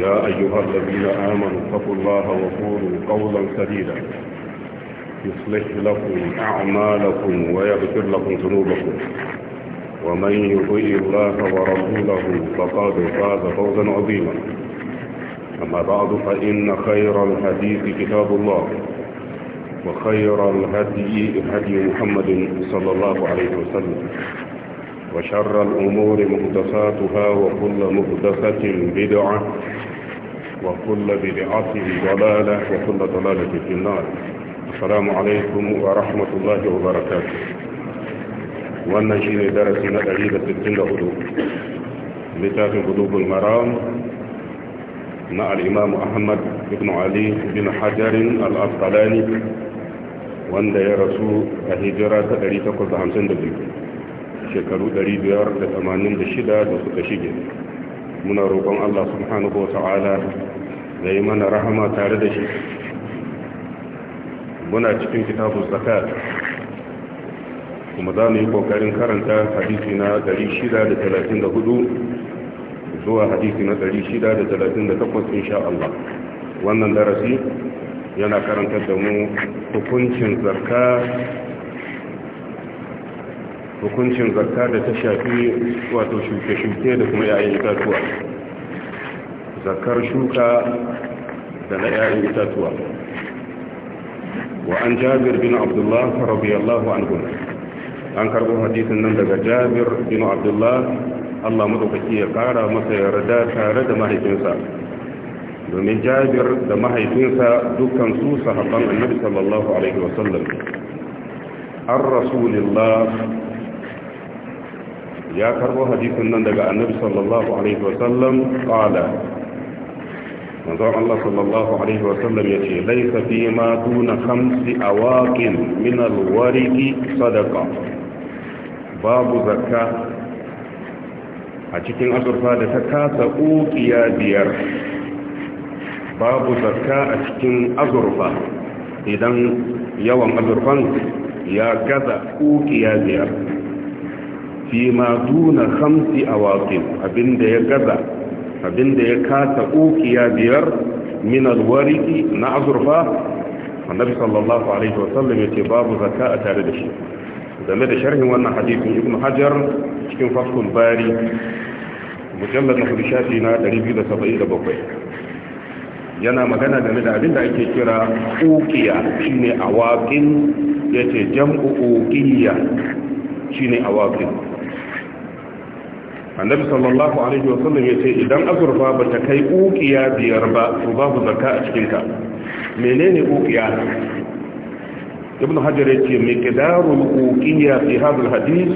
يا أيها الذين آمنوا اتقوا الله وقولوا قولا سديدا يصلح لكم أعمالكم ويغفر لكم ذنوبكم ومن يطيع الله ورسوله فقد فاز فوزا عظيما أما بعد فإن خير الحديث كتاب الله وخير الهدي هدي محمد صلى الله عليه وسلم وشر الأمور مهدساتها وكل مهدسة بدعة وكل بدعاته ضلالة وكل ضلالة في النار السلام عليكم ورحمة الله وبركاته وانا ونجين درسنا أليلة الدين هدو لتاتي قلوب المرام مع الإمام أحمد بن علي بن حجر الأبطلاني وند يا رسول جرى دري تقول ده همسن دبي شكرو دري بيار لتمانين دشدة دوسو تشيجي من ربنا الله سبحانه وتعالى ya yi mana rahama tare da shi muna cikin kitabun zakat kuma za mu yi kokarin karanta hadisi na 634 zuwa hadisi na 638 insha Allah wannan darasi yana karantar da mu hukuncin zarka hukuncin zarka da ta shafi wato shuke-shuke da kuma yayin itatuwa zakar shuka da na 'ya'yan itatuwa wa an jabir bin abdullah radiyallahu anhu an karbo hadisin nan daga jabir bin abdullah Allah madaukaki ya kara masa yarda tare da mahaifinsa domin jabir da mahaifinsa dukkan su sahabban annabi sallallahu alaihi wasallam an rasulillah ya karbo hadisin nan daga annabi sallallahu alaihi wasallam qala manzon Allah sallallahu alaihi wa sallam yace laysa fi ma duna khamsi awaqin min alwariki sadaqa babu zakka a cikin azurfa da ta kasa ukiya biyar babu zakka a cikin azurfa idan yawan azurfan ya gaza ukiya biyar fi ma duna khamsi awaqin abinda ya gaza abinda ya kasa ukiya biyar min alwariki na azurfa annabi sallallahu alaihi wasallam ya ce babu zakka a tare da shi game da sharhin wannan hadisin ibn hajar cikin fathul bari mujallad na shafi na 277 yana magana game da abinda ake kira ukiya shine awaqin yace jam'u ukiya shine awaqin annabi sallallahu alaihi wa sallam yace idan azurfa bata kai ukiya biyar ba to babu zakka a cikin ka menene ukiya ibn hajar yace miqdarul ukiya fi hadal hadith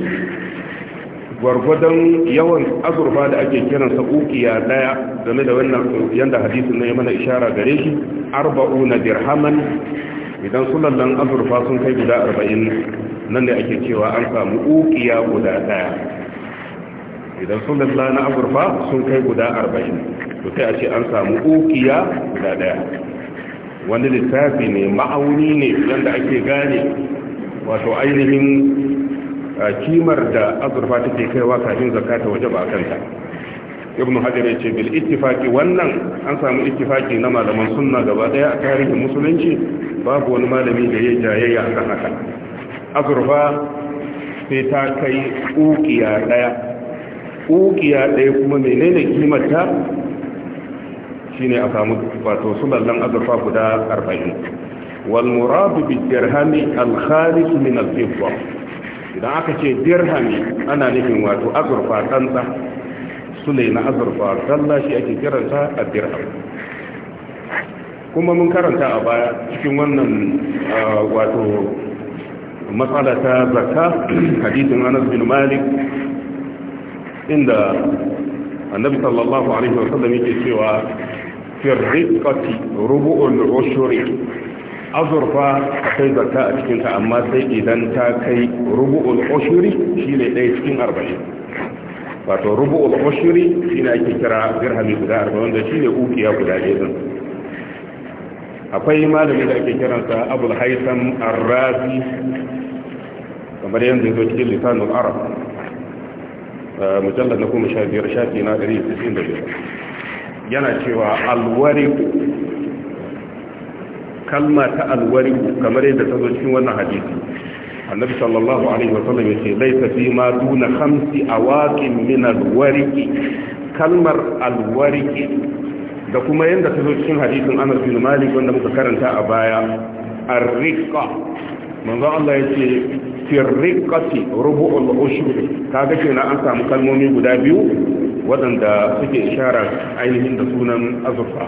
gwargwadon yawan azurfa da ake kiransa ukiya daya game da wannan yanda hadisin ya mana ishara gare shi arba'una dirhaman idan sulallan azurfa sun kai guda arba'in nan ne ake cewa an samu ukiya guda daya idan sun lalla na agurfa sun kai guda arba'in to sai a ce an samu ukiya guda daya wani littafi ne ma'auni ne da ake gane wato ainihin kimar da azurfa take kaiwa kafin zakata waje ba kanta ibn hajar ya ce bil ittifaqi wannan an samu ittifaqi na malaman sunna gaba daya a tarihin musulunci babu wani malami da ya jayayya akan haka azurfa sai ta kai ukiya daya ukiya ɗaya kuma menene kimarta ne a samu wato sulallan azurfa guda 40 wal muradu bi dirhami al min al idan aka ce dirhami ana nufin wato azurfa tsantsa sule na azurfa tsalla shi ake kiransa a dirham kuma mun karanta a baya cikin wannan wato matsala zakka hadisin Anas bin Malik inda annabi sallallahu alaihi wasallam yake cewa firriqati rubu'ul ushuri azurfa kai zakka a cikin ta amma sai idan ta kai rubu'ul ushuri shine ɗaya cikin 40 wato rubu'ul ushuri shine ake kira dirhami guda 40 wanda shine ukiya guda ɗaya akwai malami da ake kiransa abul haitham ar kamar yanzu zo cikin lisanul arab mujallar na kuma sha biyar shafi na ɗari tasirin da biyar yana cewa alwari kalma ta alwari kamar yadda ta zo cikin wannan hadisi annabi sallallahu alaihi wa sallam yace laita fi ma duna khamsi awaqin min alwariki kalmar alwariki da kuma yadda ta zo cikin hadisin Anas bin Malik wanda muka karanta a baya arriqa manzo Allah yace firrikati rubu'ul ushuri kaga kenan an samu kalmomi guda biyu waɗanda suke ishara ainihin da sunan azurfa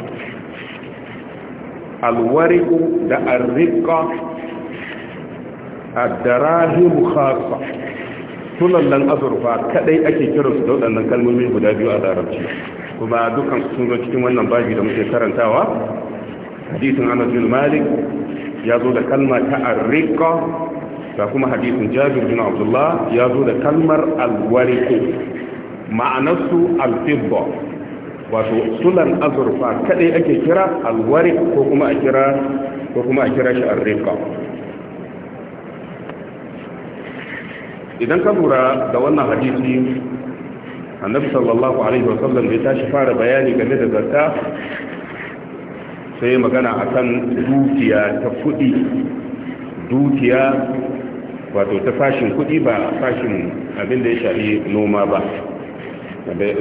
alwariku da arrika addarahimu khasa tulallan azurfa kadai ake kiransu da waɗannan kalmomi guda biyu a larabci kuma dukan sun zo cikin wannan babi da muke karantawa hadisin anas bin malik ya zo da kalma ta arriqa ga kuma hadisin jabir bin abdullah ya zo da kalmar alwariku ma'anarsu alfibba wato sulan azurfa kadai ake kira alwari ko kuma a kira ko kuma a kira shi arrika idan ka lura da wannan hadisi annabi sallallahu alaihi wa sallam bai tashi fara bayani game da zakka sai magana akan dukiya ta kudi dukiya wato ta fashin kuɗi ba fashin abin da ya shafi noma ba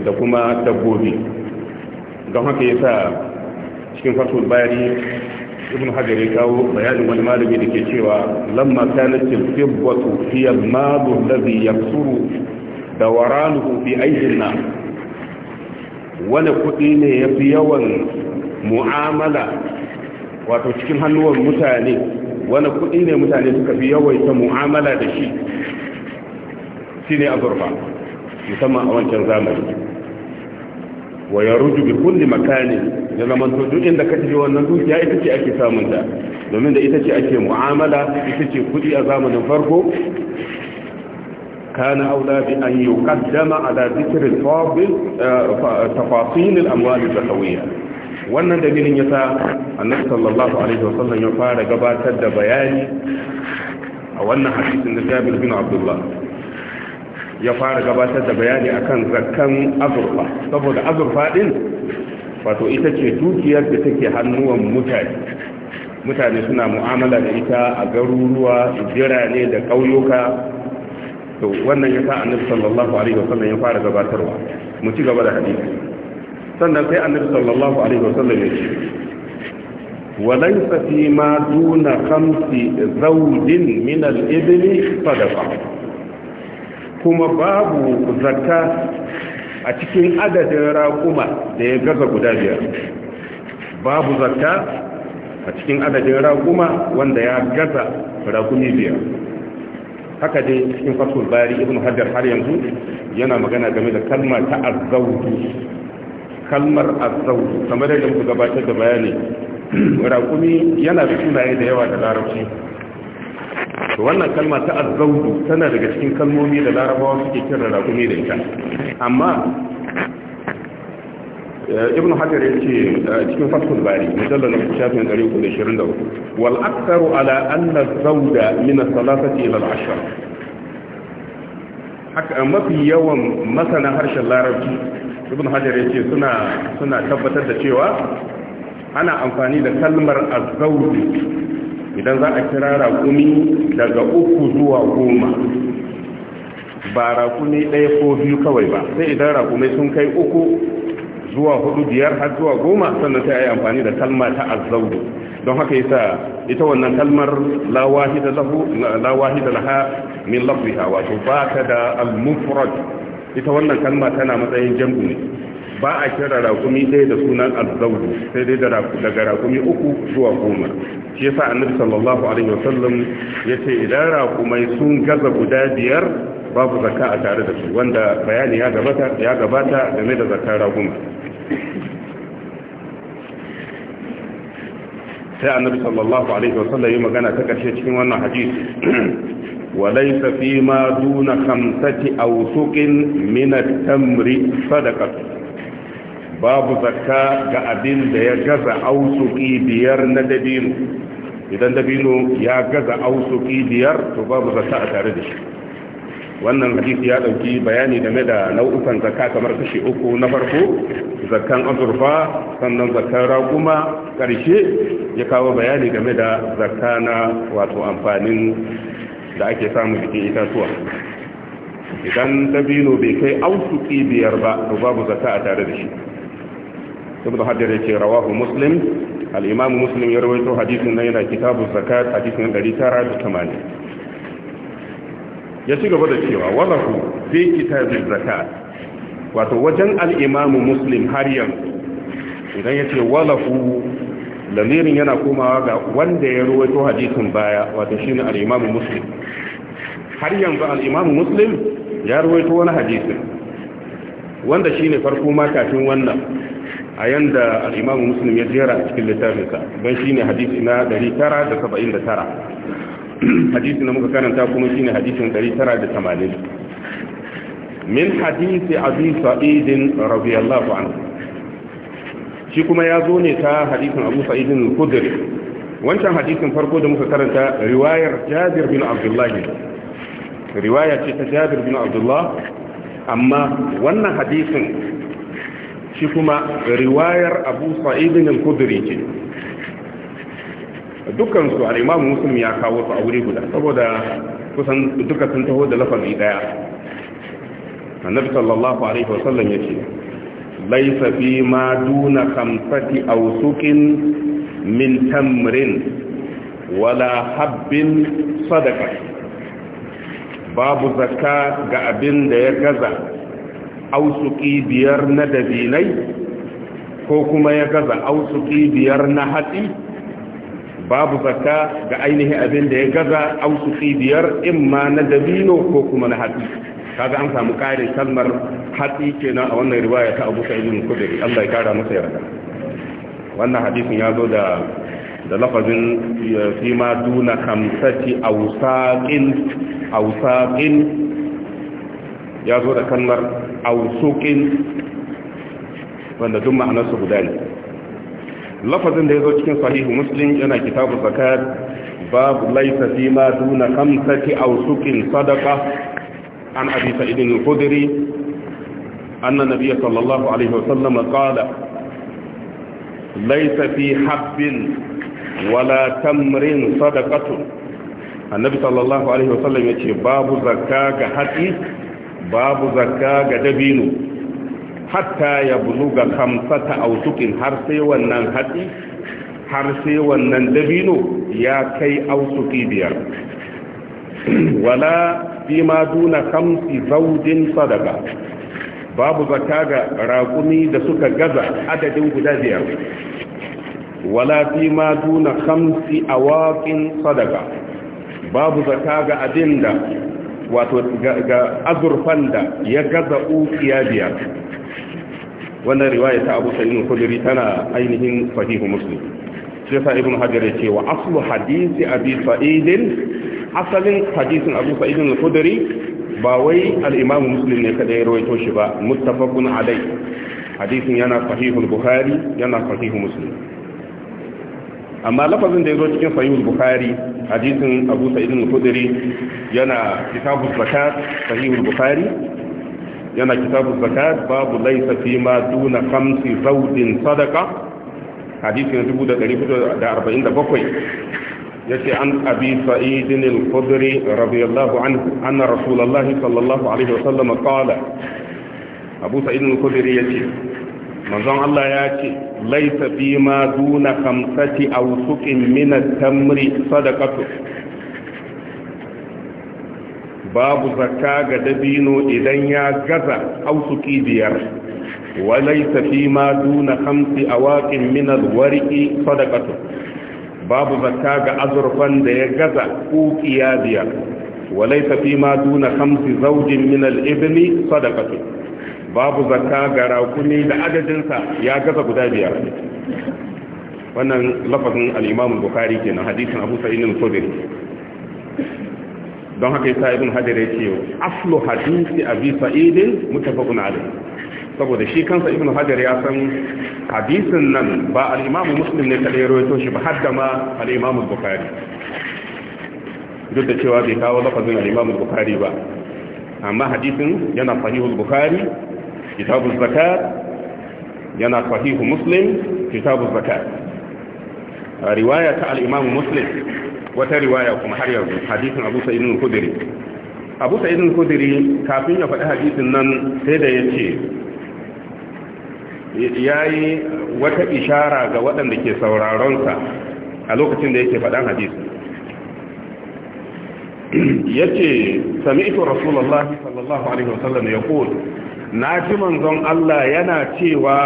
da kuma dabbobi don haka ya sa cikin fasul bayani ibn hajar ya kawo bayanin wani malami da ke cewa lamma kanatil fibbatu fi al-madu alladhi yaksuru waranuhu fi aydina wani kuɗi ne yafi yawan mu'amala wato cikin hannuwan mutane wani kuɗi ne mutane suka fi yawaita mu'amala da shi shi ne azurfa musamman a wancan zamani wa ya ruju bi kulli makani ya zama to duk inda ka tafi wannan dukiya ita ce ake samun ta domin da ita ce ake mu'amala ita ce kuɗi a zamanin farko كان أولى بأن يقدم على ذكر الفاضل تفاصيل الأموال الزكوية wannan dalilin ya sa annabi sallallahu alaihi wa wasallam ya fara gabatar da bayani a wannan hadisin da Jabir bin Abdullah ya fara gabatar da bayani akan zakkan azurfa saboda azurfa din wato ita ce dukiyar da take hannuwan mutane mutane suna mu'amala da ita a garuruwa birane da ƙauyuka to wannan ya sa annabi sallallahu alaihi wa wasallam ya fara gabatarwa mu ci gaba da hadisi sannan sai annabi sallallahu alaihi wasallam ya ce ma duna khamsi zawjin min al الإبل sadaqa kuma babu zakka a cikin adadin raƙuma da ya gaza guda biyar babu zakka a cikin adadin raƙuma wanda ya gaza raƙumi biyar haka dai cikin fasul bari ibn hajar har yanzu yana magana game da kalma ta azzawju kalmar azau kamar yadda muka gabatar da bayani raƙumi yana da sunaye da yawa da larabci wannan kalma ta azaudu tana daga cikin kalmomi da larabawa suke kira raƙumi da ita amma eh, ibn hajar ya ce eh, cikin fasul bari mujallar na shafin 323 wal aktaru ala anna zauda min salasati ila al-ashr haka mafi yawan masana harshen larabci ibn hajar ya ce suna tabbatar da cewa ana amfani da kalmar azauji idan za a kira rakumi daga uku zuwa goma ba rakumi ɗaya ko biyu kawai ba sai idan rakumai sun kai uku zuwa hudu biyar har zuwa goma sannan sai a yi amfani da kalma ta azauji don haka sa ita wannan kalmar lawahi da laha min lafziha wato ba ta da al-mufrad ita wannan kalma tana matsayin jambu ne ba a kira rakumi ɗaya da sunan al al-zawdu sai dai daga rakumi uku zuwa goma shi yasa annabi sallallahu alaihi wasallam ce idan rakumai sun gaza guda biyar babu zakka a tare da su wanda bayani ya gabata ya gabata game da zakkar raguma sai annabi sallallahu alaihi wasallam yi magana ta karshe cikin wannan hadisi walaysa fi ma duna khamsati awsuqin min at-tamri sadaqatu babu zakka ga abin da ya gaza awsuqi biyar na dabino idan dabino ya gaza awsuqi biyar to babu zakka a tare da shi wannan hadisi ya dauki bayani game da nau'ukan zakka kamar kashi uku na farko zakkan azurfa sannan zakkan raguma ƙarshe ya kawo bayani game da zakka na wato amfanin da ake samu jikin itatuwa idan dabino bai kai Autu biyar ba da babu zakka a tare da shi ibn hajar ce rawahu muslim al’imamu muslim ya rawaito hadisun na yana kitabu a hadisin 980 ya ci gaba da cewa wadahu fi kitabiz zakat wato wajen al’imamu muslim har yanzu idan ya ce wadahu lamirin yana komawa ga wanda ya ruwaito hadisin baya wato shine al-Imam Muslim har yanzu al-Imam Muslim ya ruwaito wani hadisin wanda shine farko ma kafin wannan a yanda al-Imam Muslim ya jera a cikin littafinsa don shine hadisi na 979 hadisi na muka karanta kuma shine hadisin 980 min hadisi Abi Sa'id radiyallahu anhu shi kuma ya zo ne ta hadisin abu sa'idin kudiri wancan hadisin farko da muka karanta riwayar jabir bin abdullah riwaya ce ta jabir bin abdullah amma wannan hadisin shi kuma riwayar abu sa'idin kudiri ce dukansu al'imamu muslim ya kawo su a wuri guda saboda kusan duka sun taho da lafazi daya annabi sallallahu alaihi wasallam ya ce laisa fi ma duna kamfati ausukin min tamrin wala habbin sadaka babu zakka ga abin da ya gaza ausuki biyar na dabinai ko kuma ya gaza ausuki biyar na hatsi babu zakka ga ainihin abin da ya gaza ausuki biyar imma na dabino ko kuma na hatsi kaga an samu ƙarin kalmar hatsi kenan a wannan riwaya ta Abu Sa'id al Allah ya kara masa yarda wannan hadisin ya zo da da lafazin fi ma duna kamsati awsaqin awsaqin ya zo da kalmar awsuqin wanda duk su guda ne lafazin da ya zo cikin sahihu muslim yana kitabu zakat babu laisa fi ma duna kamsati awsuqin sadaqa عن أبي سعيد الخدري أن النبي صلى الله عليه وسلم قال ليس في حب ولا تمر صدقة النبي صلى الله عليه وسلم يقول باب زكاة حقي باب زكاة دبينه hatta ya buluga kamfata a wutukin har sai wannan hatsi har sai wannan dabino ya kai ausuki biyar wala fi ma duna kamsi zaujin sadaka babu zakka ga raƙumi da suka gaza adadin guda biyar wala fi ma duna kamsi awaƙin sadaka babu zakka ga abin da wato ga azurfan da ya gaza ukiya biyar wannan riwaya ta abu sa'in kudiri tana ainihin fahimu muslim shi sa ibn hajar ya ce wa aslu hadisi abi asalin hadisin abu sa'idin al-khudri ba wai al-imam ne kada ya rawaito shi ba muttafaqun Adai hadisin yana sahihul bukhari yana sahihul muslim amma lafazin da ya zo cikin sahihul bukhari hadisin abu sa'idin al-khudri yana Kitabus zakat sahihul bukhari yana Kitabus zakat babu laysa fi ma duna khamsi zawdin sadaqa hadisin 1447 يتي عن أبي سعيد الخدري رضي الله عنه أن رسول الله صلى الله عليه وسلم قال أبو سعيد الخدري يتي من الله يأتي ليس فيما دون خمسة أو سك من التمر صدقة باب زكاة دبين اذا يا جزا أو سكي ديار وليس فيما دون خمس اواك من الورق صدقة babu zakka ga azurfan da ya gaza ko biyar walaita fi ma duna hamsi zaujin min al-ibni sadaqatu babu zakka ga rakuni da adadinsa ya gaza guda biyar wannan lafazin al-imam bukhari kenan hadisin abu sa'id al-khudri don haka yasa ibn hajar yake aslu hadisi abi sa'id muttafaqun alayh saboda shi kansa Ibn hajar ya san hadisin nan ba al-imamu muslim ne kadai rawaito shi ba hadda ma al-imamu duk da cewa bai kawo lafazin al-imamu bukhari ba amma hadisin yana sahihul bukhari kitabuz zakat yana sahihu muslim kitabuz zakat riwaya ta al-imamu muslim wata riwaya kuma har yanzu hadisin abu sa'id al-khudri abu sa'id al-khudri kafin ya faɗi hadisin nan sai da ya ce. ya yi wata ishara ga waɗanda ke sauraronsa a lokacin da yake faɗan hadisi ya ce sami ito rasulallah sallallahu alaihi wasallam ya kowace na ji manzon Allah yana cewa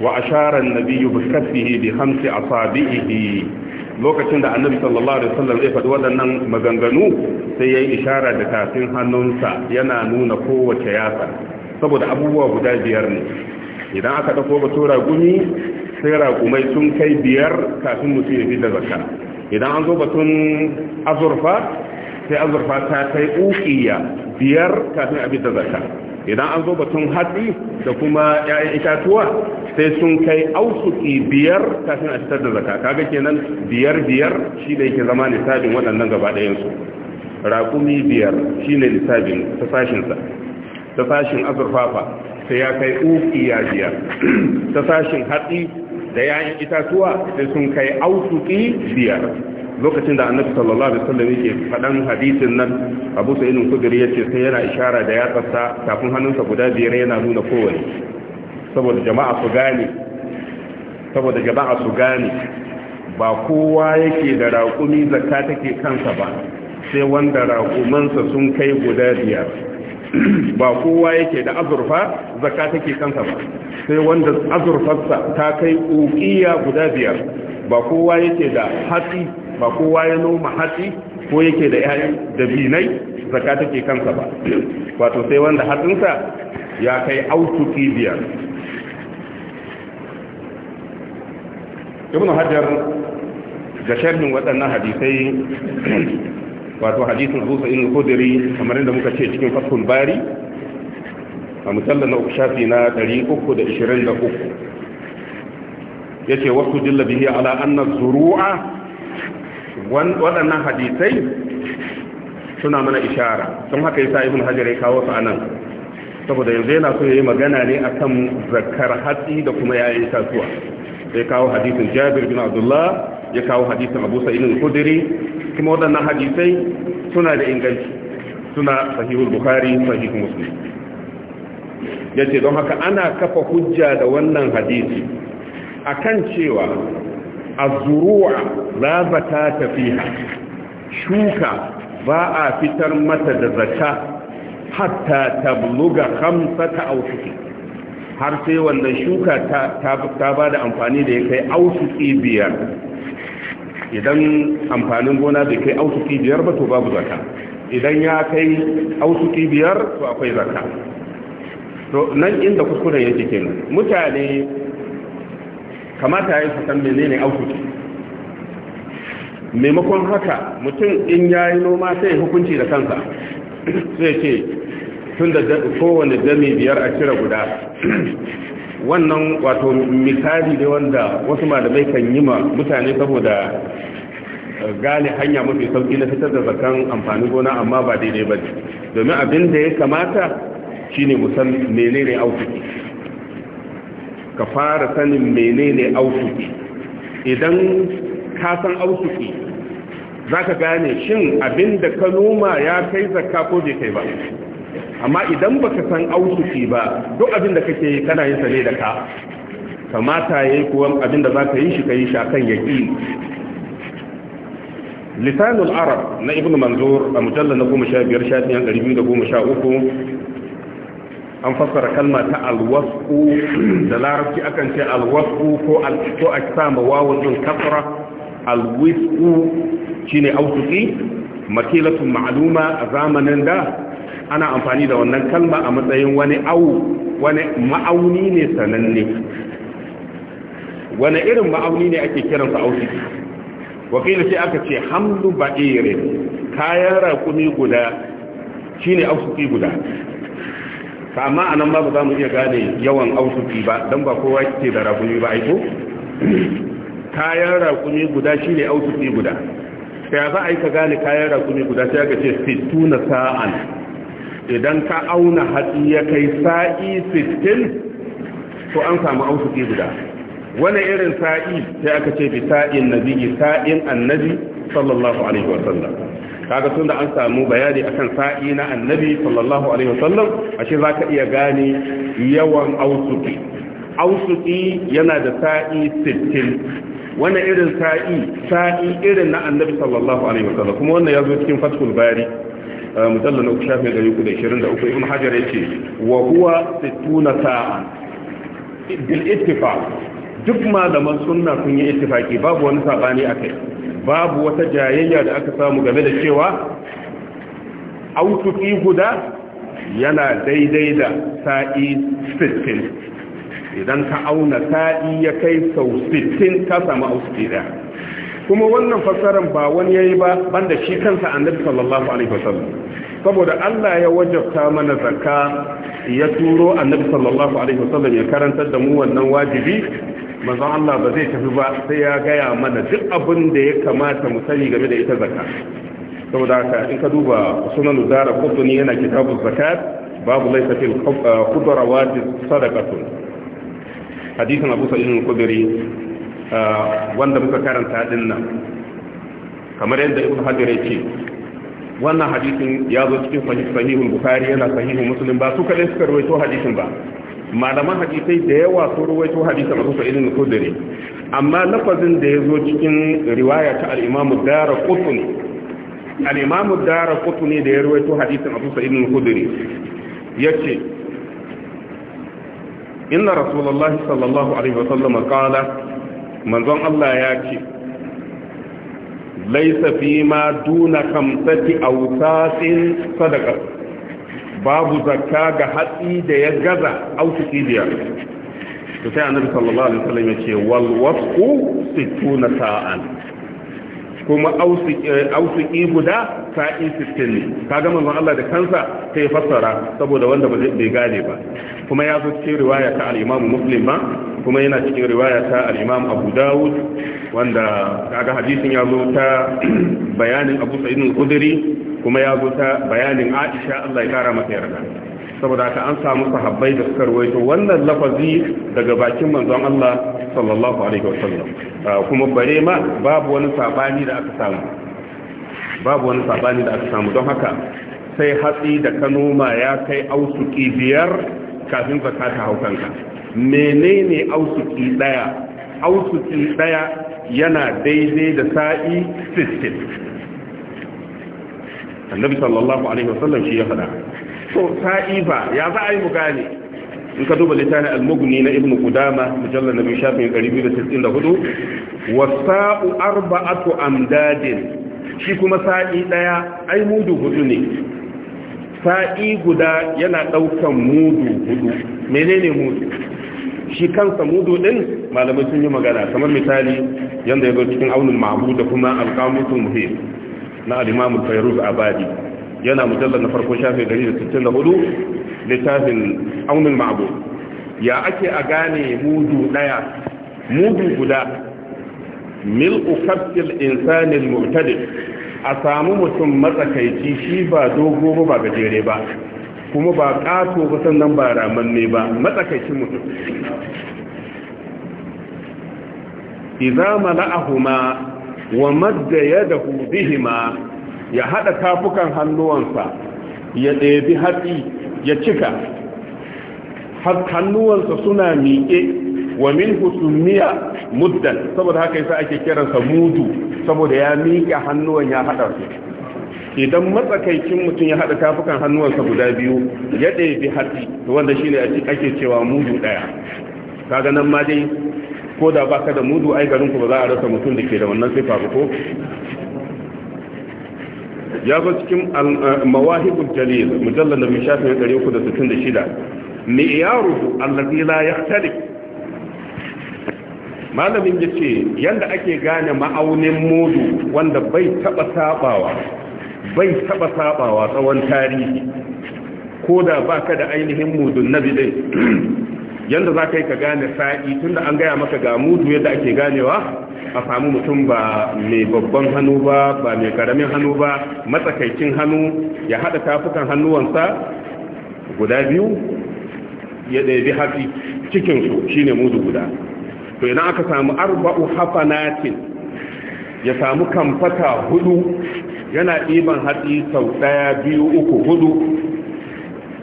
wa asharar nabiyu buskafihi bi hamsi sabi'ihi lokacin da annabi sallallahu alaihi wasallam ya faɗi waɗannan maganganu sai ya yi ishara da tafin hannunsa yana nuna kowace yasa saboda abubuwa guda biyar ne idan aka ɗauko tura, gumi sai ragumai sun kai biyar kafin mutum ya fi da zakka idan an zo batun azurfa sai azurfa ta kai ukiya biyar kafin a fi da idan an zo batun hatsi da kuma 'ya'yan itatuwa sai sun kai ausuki biyar kafin a fitar da zaka kaga kenan biyar biyar shi da yake zama sabin waɗannan gaba ɗayansu raƙumi biyar shi ne nisabin ta sashinsa ta sashin azurfafa sai ya kai ya biyar ta sashin hatsi da yayin itatuwa sai sun kai autuki biyar lokacin da annabi sallallahu alaihi wasallam yake fadan hadisin nan Abu Sa'id al-Khudri yace sai yana ishara da ya tsatsa kafin hannunsa guda biyar yana nuna kowane saboda jama'a su gane saboda jama'a su gane ba kowa yake da raƙumi zakka take kansa ba sai wanda raƙumansa sun kai guda biyar ba kowa yake da azurfa zakka take kansa ba sai wanda azurfarsa ta kai uqiya guda biyar ba kowa yake da hatsi ba kowa ya noma hatsi ko yake da da binai zakka take kansa ba wato sai wanda hatsinsa ya kai autuki biyar ibn hajar da sharhin waɗannan hadisai wato hadisin Abu ilil al kamar yadda muka ce cikin Fathul Bari a mujallal na shafi na 323 ce wasu jilla bihi ala annan zuru'a waɗannan hadisai suna mana ishara sun haka yasa Ibn hajjar ya kawo su nan saboda yanzu yana so ya yi magana ne a kan zakar hatsi da kuma ya yi tasuwa Ya kawo hadisin Jabir bin Abdullah ya kawo hadisin Abu sa'ilin al kuma waɗannan hadisai suna da inganci suna sahihul bukhari Musulmi. Ya yace don haka ana kafa hujja da wannan hadisi akan cewa az-zuru'a la zakata fiha shuka ba a fitar mata da zata hatta tabluga khamsata awsuki har sai wannan shuka ta ba bada amfani da ya kai awsuki biyar idan amfanin gona bai kai ausuki biyar ba to babu zakka idan ya kai ausuki biyar to akwai zakka to nan inda kuskuren yake kenan mutane kamata ya yi san menene ausuki maimakon haka mutum in ya yi noma sai hukunci da kansa sai ce tun da kowane dami biyar a cire guda wannan wato misali ne wanda wasu malamai kan yi ma mutane saboda eh, gane hanya mafi sauki na fitar da zakan amfanin gona amma ba daidai ba domin abin da ya kamata shine musan menene aukuki ka fara sanin menene aukuki idan ka san aukuki za ka gane shin abin da ka noma ya kai zakka ko bai kai ba amma idan baka san ausufi ba duk abin da kake kana yin sa da ka kamata yayi kuwa abin da zaka yi shi yi shi akan yaqin lisanul arab na ibnu manzur a mujallar na goma sha uku an fassara kalma ta alwasqu da larabci akan ce alwasqu ko al ko aksama ɗin din kasra alwisqu shine autuki. makilatun ma'aluma a zamanin da ana amfani da wannan kalma a matsayin wani au wani ma'auni ne sananne wani irin ma'auni ne ake kiransa auki wakilin sai aka ce hamdu ba'irin kayan raƙumi guda shine auki guda amma a nan ba za mu iya gane yawan auki ba don ba kowa ke da raƙumi ba aiko kayan raƙumi guda shine auki guda sai za a yi ka gane kayan raƙumi guda sai aka ce fituna sa'an idan ka auna hatsi ya kai sa'i 60 to an samu ausuki guda wani irin sa'i sai aka ce fi sa'in nabi sa'in annabi sallallahu alaihi wasallam kaga tun da an samu bayani akan sa'i na annabi sallallahu alaihi wasallam ashe za ka iya gane yawan ausuki ausuki yana da sa'i 60 wani irin sa'i sa'i irin na annabi sallallahu alaihi wasallam kuma wannan ya zo cikin fathul bari mujallal uku shafi da yuku da ishirin da uku ibn hajar ya ce. wa huwa sittuna sa'a bil ittifaq duk malaman sunna sun yi ittifaki babu wani sabani akai babu wata jayayya da aka samu game da cewa autuki guda yana daidai da sa'i 60 idan ka auna sa'i ya kai sau 60 ka samu autuki da kuma wannan fassarar ba wani yayi ba banda shi kansa annabi sallallahu alaihi wasallam saboda Allah ya wajabta mana zakka ya turo annabi sallallahu alaihi wasallam ya karantar da mu wannan wajibi manzon Allah ba zai tafi ba sai ya gaya mana duk abin da ya kamata mu sani game da ita zakka saboda haka in ka duba sunan zara qutni yana kitabu zakat babu laysa fil eh, khudrawat sadaqatun hadisin Abu Sa'id al-Khudri eh, wanda muka karanta din nan kamar yadda Ibn Hajar ya ce wannan hadisin ya zo cikin sahihul bukhari yana sahihul muslim ba su kadai suka rawaito hadisin ba malaman hadisai da yawa sun rawaito hadisin abu sa'id ibn khudri amma lafazin da ya zo cikin riwaya ta al-imam ad-darqutni al-imam ad-darqutni da ya rawaito hadisin abu sa'id ibn khudri yace inna rasulullahi sallallahu alaihi wa sallam qala manzon Allah ya ce laisa fi ma duna kamsati awsasin sadaqa babu zakka ga hatsi da ya gaza ausuki biyar to sai annabi sallallahu alaihi wasallam ya ce wal wasqu 60 sa'an kuma ausuki eh, guda sa'in sittin ne ka gama zan Allah da kansa sai fassara saboda wanda bai gane ba kuma ya zo cikin riwaya ta al'imamu muslim ba kuma yana cikin riwaya ta al'imamu abu dawud wanda kaga hadisin ya zo ta bayanin abu sa'idun kudiri kuma ya zo ta bayanin aisha Allah ya kara masa yarda saboda haka an samu sahabbai da suka ruwaito wannan lafazi daga bakin manzon Allah sallallahu alaihi wasallam ah, kuma bare ma babu wani sabani da aka samu babu wani sabani da aka samu don haka sai hatsi da kanoma ya kai ausuki biyar kafin zakata haukanka menene ausuki daya ausuki daya yana daidai da sa'i 60 annabi sallallahu alaihi wasallam shi ya faɗa to ya za a yi mugani? in ka duba littafin al-mughni na ibnu qudama mujallal nabi shafin 264 sa'u arba'atu amdadin shi kuma sa'i daya ai mudu hudu ne sa'i guda yana daukan mudu hudu menene mudu shi kansa mudu din malamai sun yi magana kamar misali yanda ya zo cikin aunul mabudu da kuma al-qamusul muhim na al-imam al-fayruz abadi yana mujallar na farko shafi 164 littafin aunin ma'abu ya ake a gane mudu daya mudu guda mil'u kafil insanin mutadi a samu mutum matsakaici shi ba dogo ba gajere ba kuma ba kato ba sannan ba ramanne ba matsakaicin mutum iza mala'ahuma wa madda yadahu bihima ya haɗa tafukan hannuwansa ya ɗebi hatsi ya cika hannuwansa suna miƙe wa min husumiya muddan saboda haka yasa ake kiransa mudu saboda ya miƙe hannuwan ya haɗa su idan matsakaicin mutum ya haɗa tafukan hannuwansa guda biyu ya ɗebi hatsi wanda shi ne ake cewa mudu ɗaya kaga nan ma dai ko da baka da mudu ai garin ba za a rasa mutum da ke da wannan sifa ba ko ya zo cikin eh, mawahibul jalil mujallal shida, shafin 366 miyaruhu allazi la tare? malamin yace yanda ake gane ma'aunin mudu wanda bai taba sabawa bai taba sabawa tsawon tarihi ko da baka da ainihin mudun nabi din yanda za ka yi ka gane sa'i tunda an gaya maka ga mudu yadda ake ganewa a samu mutum ba mai babban hannu ba ba mai karamin hannu ba matsakaicin hannu ya haɗa tafukan hannuwansa guda biyu ya ɗabi hatsi cikinsu shi ne mudu guda to idan aka samu arba'u hafanatin ya samu kamfata hudu yana ɗiban hatsi sau ɗaya biyu uku hudu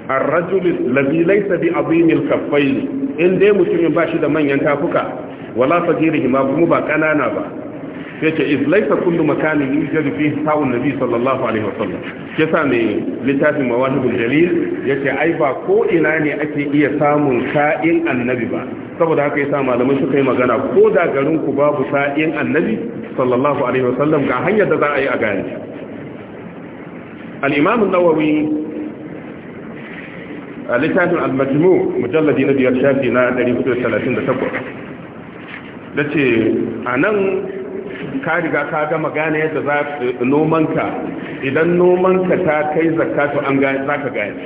ar-rajul ladhi laysa bi azimil kaffayn in dai mutumin bashi da manyan tafuka wala sagirihi ma kuma ba kanana ba yace iz laysa kullu makanin yujadu fihi sa'un nabi sallallahu alaihi wasallam yasa ne littafin mawahibul jalil yace ai ba ko ina ne ake iya samun sa'in annabi ba saboda haka yasa malamai suka yi magana ko da garin ku babu sa'in annabi sallallahu alaihi sallam. ga hanyar da za a yi a gane al-imam an-nawawi a littafin al-majmu mujalladi na biyar shafi na 438 da ce a nan ka riga ka gama gane yadda za nomanka idan nomanka ta kai zakatu an gane za ka gane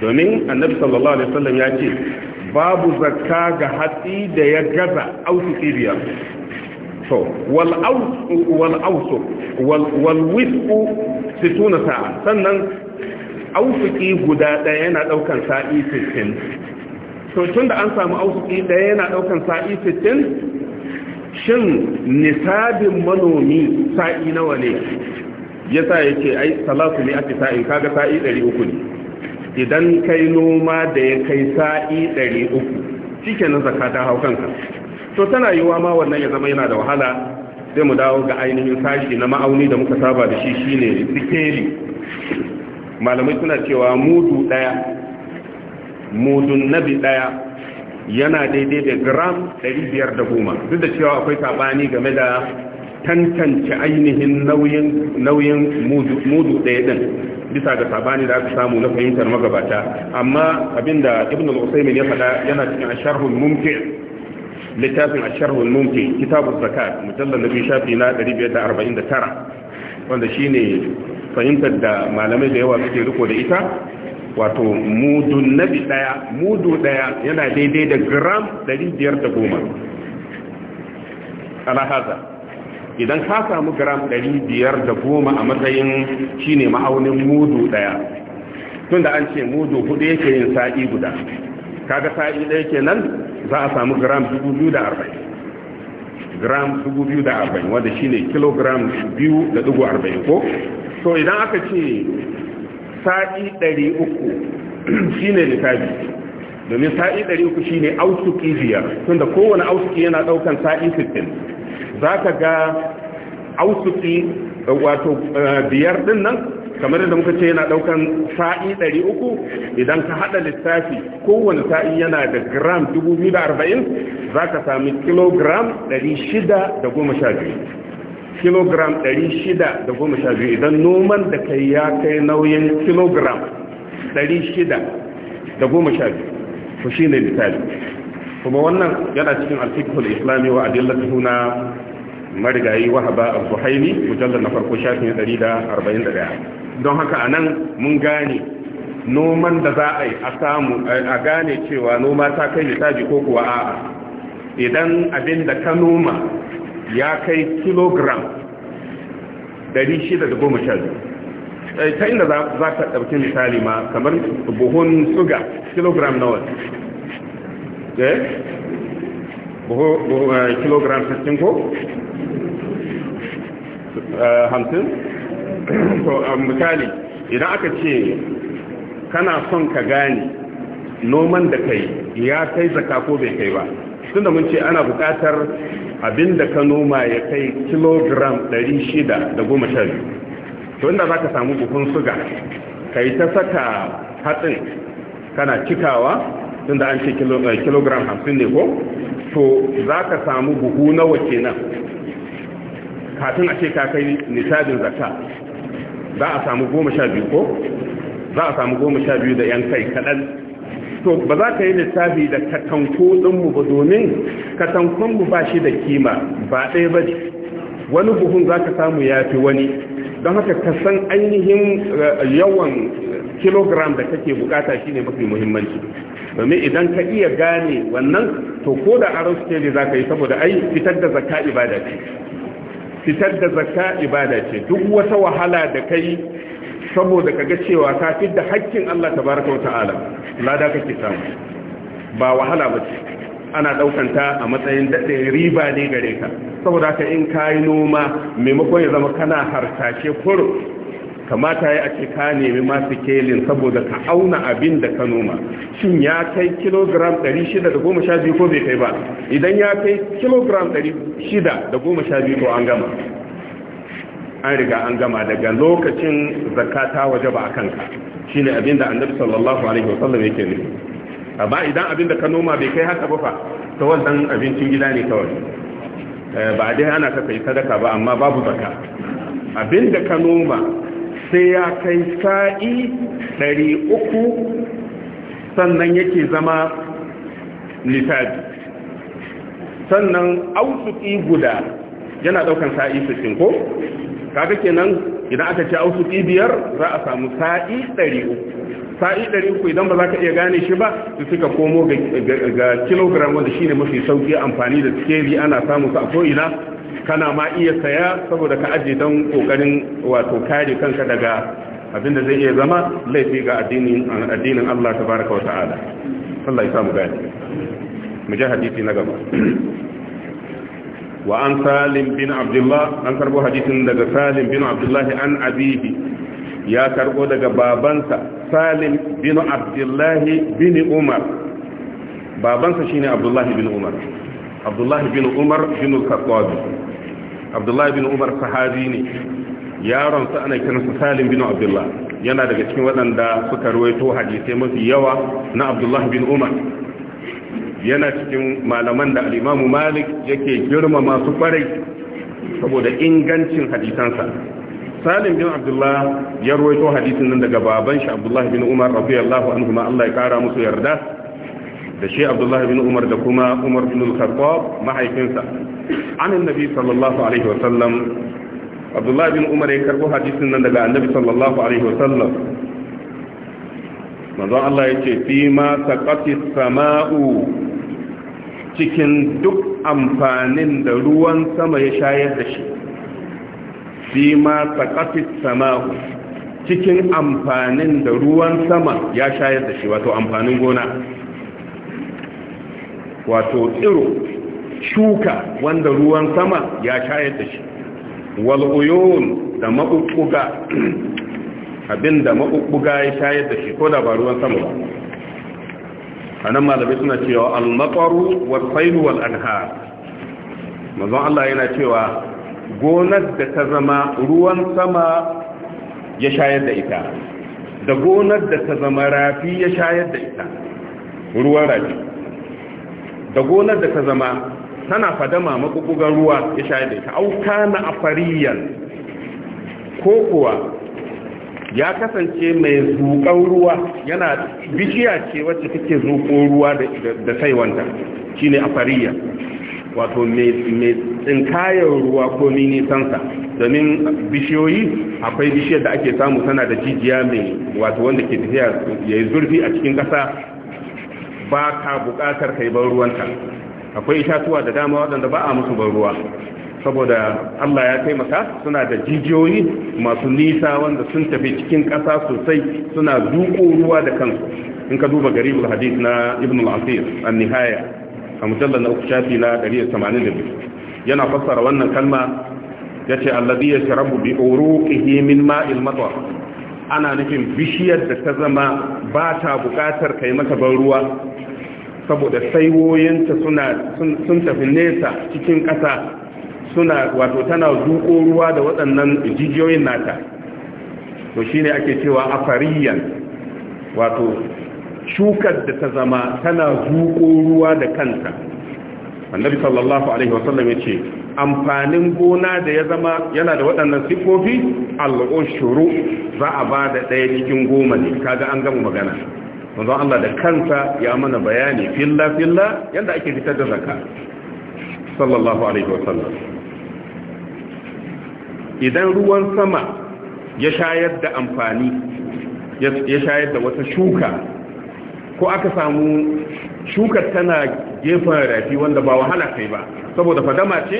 domin annabi sallallahu alaihi wasallam ya ce babu zakka ga hatsi da ya gaza auki biyar to wal aus wal aus wal wal wisqu 60 sa'a sannan ausuki guda ɗaya yana ɗaukan sa'i 15 to tun da an samu ausuki ɗaya yana ɗaukan sa'i 15 shin nisabin manomi sa'i nawa ne ya sa ya ce ai salatu ne ake sa'in kaga sa'i 300 ne idan kai noma da ya kai sa'i 300 shi ke zaka ta hau kanka to tana yiwuwa ma wannan ya zama yana da wahala sai mu dawo ga ainihin sashi na ma'auni da muka saba da shi shine sikeli malamai suna cewa mudu daya mudun nabi daya yana daidai da gram 510 duk da cewa akwai sabani game da tantance ainihin nauyin mudu daya din bisa ga sabani da aka samu na fahimtar magabata amma abinda ibn al-usaymin ya faɗa yana cikin asharhul mumkin littafin asharhul mumkin kitabuz zakat mujallal nabi shafi na 549 wanda shine fahimtar da malamai da yawa suke riko da ita wato mudu nabi daya mudu daya yana daidai da gram 510 haza idan ka samu gram goma a matsayin shine ma'aunin mudu daya tun da an ce mudu hudu yake yin sa'i guda kaga sa'i daya kenan za a samu gram 240 gram arba'in wanda shine kilogram arba'in ko so idan aka ce sa'i ɗari uku shine lissafi domin sa'i ɗari uku shine autuki biyar tunda kowane autuki yana ɗaukan sa'i za ka ga ausuki wato eh, biyar din nan kamar yadda muka ce yana daukan sa'i 300 idan ka hada lissafi kowane sa'i yana da gram 240 zaka sami kilogram 612 kilogram 612 idan noman da kai ya kai nauyin kilogram 612 shi shine misali kuma wannan yana cikin alfikul islami wa adillatu na marigayi wahaba al-buhaili mujallal na farko shafin 141 don haka a nan mun gane noman da za a yi a samu a gane cewa noma ta kai misali ko kuwa a'a idan abin da ka noma ya kai kilogram 612 eh, ta inda za ka ɗauki misali ma kamar buhun suga kilogram nawa eh buhu eh, kilogram 60 ko 50 eh, to um, misali idan aka ce kana son ka gane noman da kai ya kai zaka ko bai kai ba tunda mun ce ana buƙatar abinda ka noma ya kai kilogram 612 to inda ka samu buhun suga kai ta saka hatsin kana cikawa tunda an ce eh, kilogram 50 ne ko to za ka samu buhu nawa kenan kafin a ce ka kai nisabin zaka za a samu goma sha biyu ko za a samu goma sha biyu da yan kai kaɗan to ba za ka yi littafi da katanko ɗinmu ba domin katankonmu ba shi da kima ba ɗaya ba wani buhun za ka samu ya fi wani don haka ka san ainihin eh, yawan kilogram da kake bukata shine mafi muhimmanci domin idan ka iya gane wannan to ko da aron ne za ka yi saboda ai fitar da zakka ibada ce fitar da zakka ibada ce duk wata wahala da kai saboda kaga cewa ka fidda haƙƙin Allah tabaraka ta'ala lada kake samu ba wahala ba ce ana daukan ta a matsayin daɗe riba ne gare ka saboda ka in kayi noma maimakon ya zama kana harkace kurum kamata ya ce ka nemi masu kelin saboda ka auna abin da ka noma shin ya kai kilogram 612 ko bai kai ba idan ya kai kilogram 612 ko an gama an riga an gama daga lokacin zakata waje ba a kanka shine abin da annabi sallallahu alaihi wasallam yake ne amma idan abin da ka noma bai kai haka ba fa to wannan abincin gida ne kawai eh, ba dai ana ka kai sadaka ba amma babu zakka abin da ka noma sai ya kai sa'i ɗari uku sannan yake zama littafi sannan ausuki guda yana ɗaukan sa'i sittin ko kaga kenan idan aka ce ausuki biyar za a samu sa'i ɗari uku sa'i ɗari uku idan ba za ka iya gane shi ba su suka komo ga kilogram wanda shine mafi sauki amfani da skeli ana samu su a ina. kana ma iya saya saboda ka aje don kokarin wato kare kanka daga abin da zai iya zama laifi ga addinin addinin Allah tabaraka wa ta'ala Allah ya samu gani mu ji hadisi na gaba wa an salim bin abdullah an karbo hadisin daga salim bin abdullah an abihi ya karbo daga babansa salim bin abdullah bin umar babansa shine abdullah bin umar abdullah bin umar bin al-khattab abdullahi bin umar sahabi ne yaron su ana kiransa salim bin abdullah yana daga cikin waɗanda suka ruwaito hadisai mafi yawa na abdullahi bin umar yana cikin malaman da al'imamu malik yake girmama su kwarai saboda ingancin hadisansa salim bin abdullah ya ruwaito hadisin nan daga baban shi abdullah bin umar radiyallahu anhu ma Allah ya kara musu yarda da shi abdullahi bin umar da kuma umar bin al-khattab mahaifinsa an annabi sallallahu alaihi wa sallam abdullahi bin umar ya karbo hadisin nan daga annabi sallallahu alaihi wa sallam manzon Allah yace fi ma saqati samau cikin duk amfanin da ruwan sama ya shayar da shi fi ma saqati samau cikin amfanin da ruwan sama ya shayar da shi wato amfanin gona wato tsiro shuka wanda ruwan sama ya shayar da shi wal'uyon da maɓuɓɓuga abin da maɓuɓɓuga ya shayar da shi ko da ba ruwan sama ba a nan malabai suna cewa al-matsaru wasailu wal'anhar mazan Allah yana cewa gonar da ta zama ruwan sama ya shayar da ita da gonar da ta zama rafi ya shayar da ita ruwan rafi da gonar da ta zama tana fadama makukugan ruwa ya shayar da ita auka na afariyan ko kuwa ya kasance mai zuƙan ruwa yana bishiya ce wacce take zuƙo ruwa da saiwanta ne afariyan wato mai tsinkayar ruwa ko sansa domin bishiyoyi akwai bishiyar da ake samu tana da jijiya mai wato wanda ke tafiya ya yi zurfi a cikin ƙasa ba ka buƙatar kai ban ruwanka akwai itatuwa da dama waɗanda ba a musu ban ruwa saboda Allah ya taimaka suna da jijiyoyi masu nisa wanda sun tafi cikin ƙasa sosai suna duko ruwa da kansu in ka duba garibul hadith na ibn al-asir an-nihaya a mujallal na uku shafi na 182 yana fassara wannan kalma yace allazi yashrabu bi min ma'il matar ana nufin bishiyar da ta zama ba ta bukatar kai maka ban ruwa saboda saiwoyinta sun tafi nesa cikin ƙasa suna wato tana zuƙo ruwa da waɗannan jijiyoyin nata to shi ne ake cewa afariyan wato shukar da ta zama tana zuƙo ruwa da kanta annabi sallallahu alaihi wasallam ya ce amfanin gona da ya zama yana da waɗannan siffofi al'ushuru za a ba da ɗaya cikin goma ne kaga an gama magana wanzan Allah da kansa ya mana bayani filla filla yadda ake fitar da zaka sallallahu alaihi wasallam idan ruwan sama ya shayar da amfani ya shayar da wata shuka ko aka samu shukar tana gefen rafi wanda ba wahala kai ba saboda fadama ce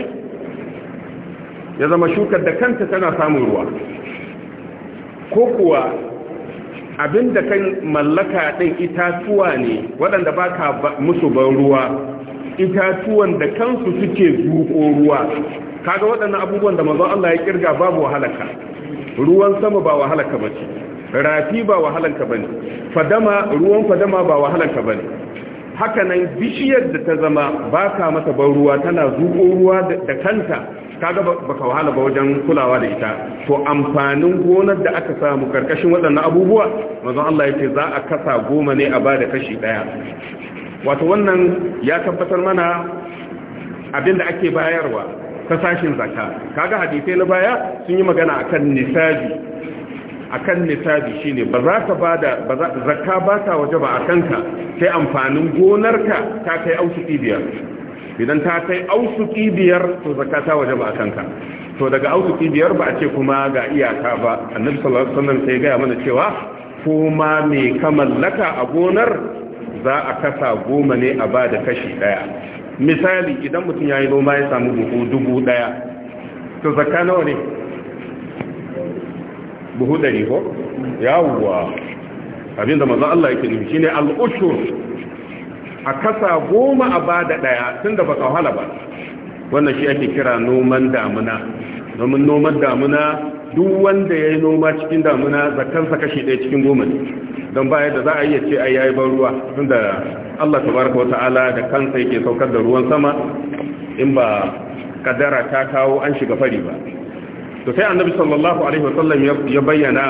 ya zama shukar da kanta tana samun ruwa ko kuwa abinda da kan mallaka din itatuwa ne waɗanda ba ka musu ban ruwa itatuwan da kansu suke zuƙo ruwa kaga waɗannan abubuwan da mazan Allah ya kirga babu wahalaka ruwan sama ba wahalaka ba ce rafi ba wahalaka ba ne fadama ruwan fadama ba wahalaka ba ne haka nan bishiyar da ta zama ba ka mata ban ruwa tana zuƙo ruwa da kanta kaga baka wahala ba wajen kulawa da ita to amfanin gonar da aka samu karkashin waɗannan abubuwa manzon Allah yace za a kasa goma ne a ba da kashi daya wato wannan ya tabbatar mana abin da ake bayarwa ta sashin zakka kaga hadisai na baya sun yi magana akan nisabi akan nisabi shine ba za ka bada ba za zakka ba ta waje ba akan ka sai amfanin gonarka ta kai ausuki biyar idan ta kai ausuki biyar to zakka ta waje ba akan ka to daga ausuki biyar ba a ce kuma ga iyaka ba annabi sallallahu alaihi wasallam sai gaya mana cewa ko ma me mallaka a gonar za a kasa goma ne a ba da kashi daya misali idan mutum yayi noma ya samu buhu dubu daya to zakka nawa ne buhu ɗari ko yawwa abinda maza Allah yake nufi shine al-ushur a kasa goma a bada daya tunda ba wahala ba wannan shi ake kira noman damuna domin noman damuna duk wanda ya yi noma cikin damuna zakarsa kashi ɗaya cikin goma ne don baya da za a iya ce ai yayi ban ruwa tunda Allah tabaraka wa ta'ala da kansa yake saukar da ruwan sama in ba kadara ta kawo an shiga fari ba to sai annabi sallallahu alaihi wasallam ya bayyana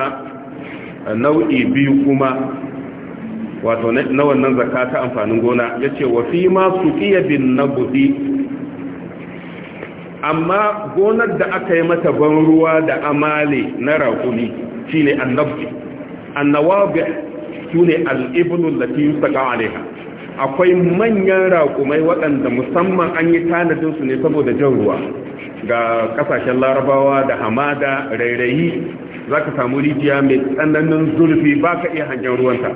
nau'i biyu kuma wato na wannan zakka ta amfanin gona yace wa fi ma suqiya bin nabdi amma gonar da aka yi mata ban ruwa da amale na raƙuni shine annabi annawabi sune al-ibnu allati yusaqa alaiha akwai manyan raƙumai waɗanda musamman an yi tanadinsu ne saboda jan ruwa ga ƙasashen larabawa da hamada rairayi za ka samu rijiya mai tsananin zurfi ba ka iya hangen ruwanta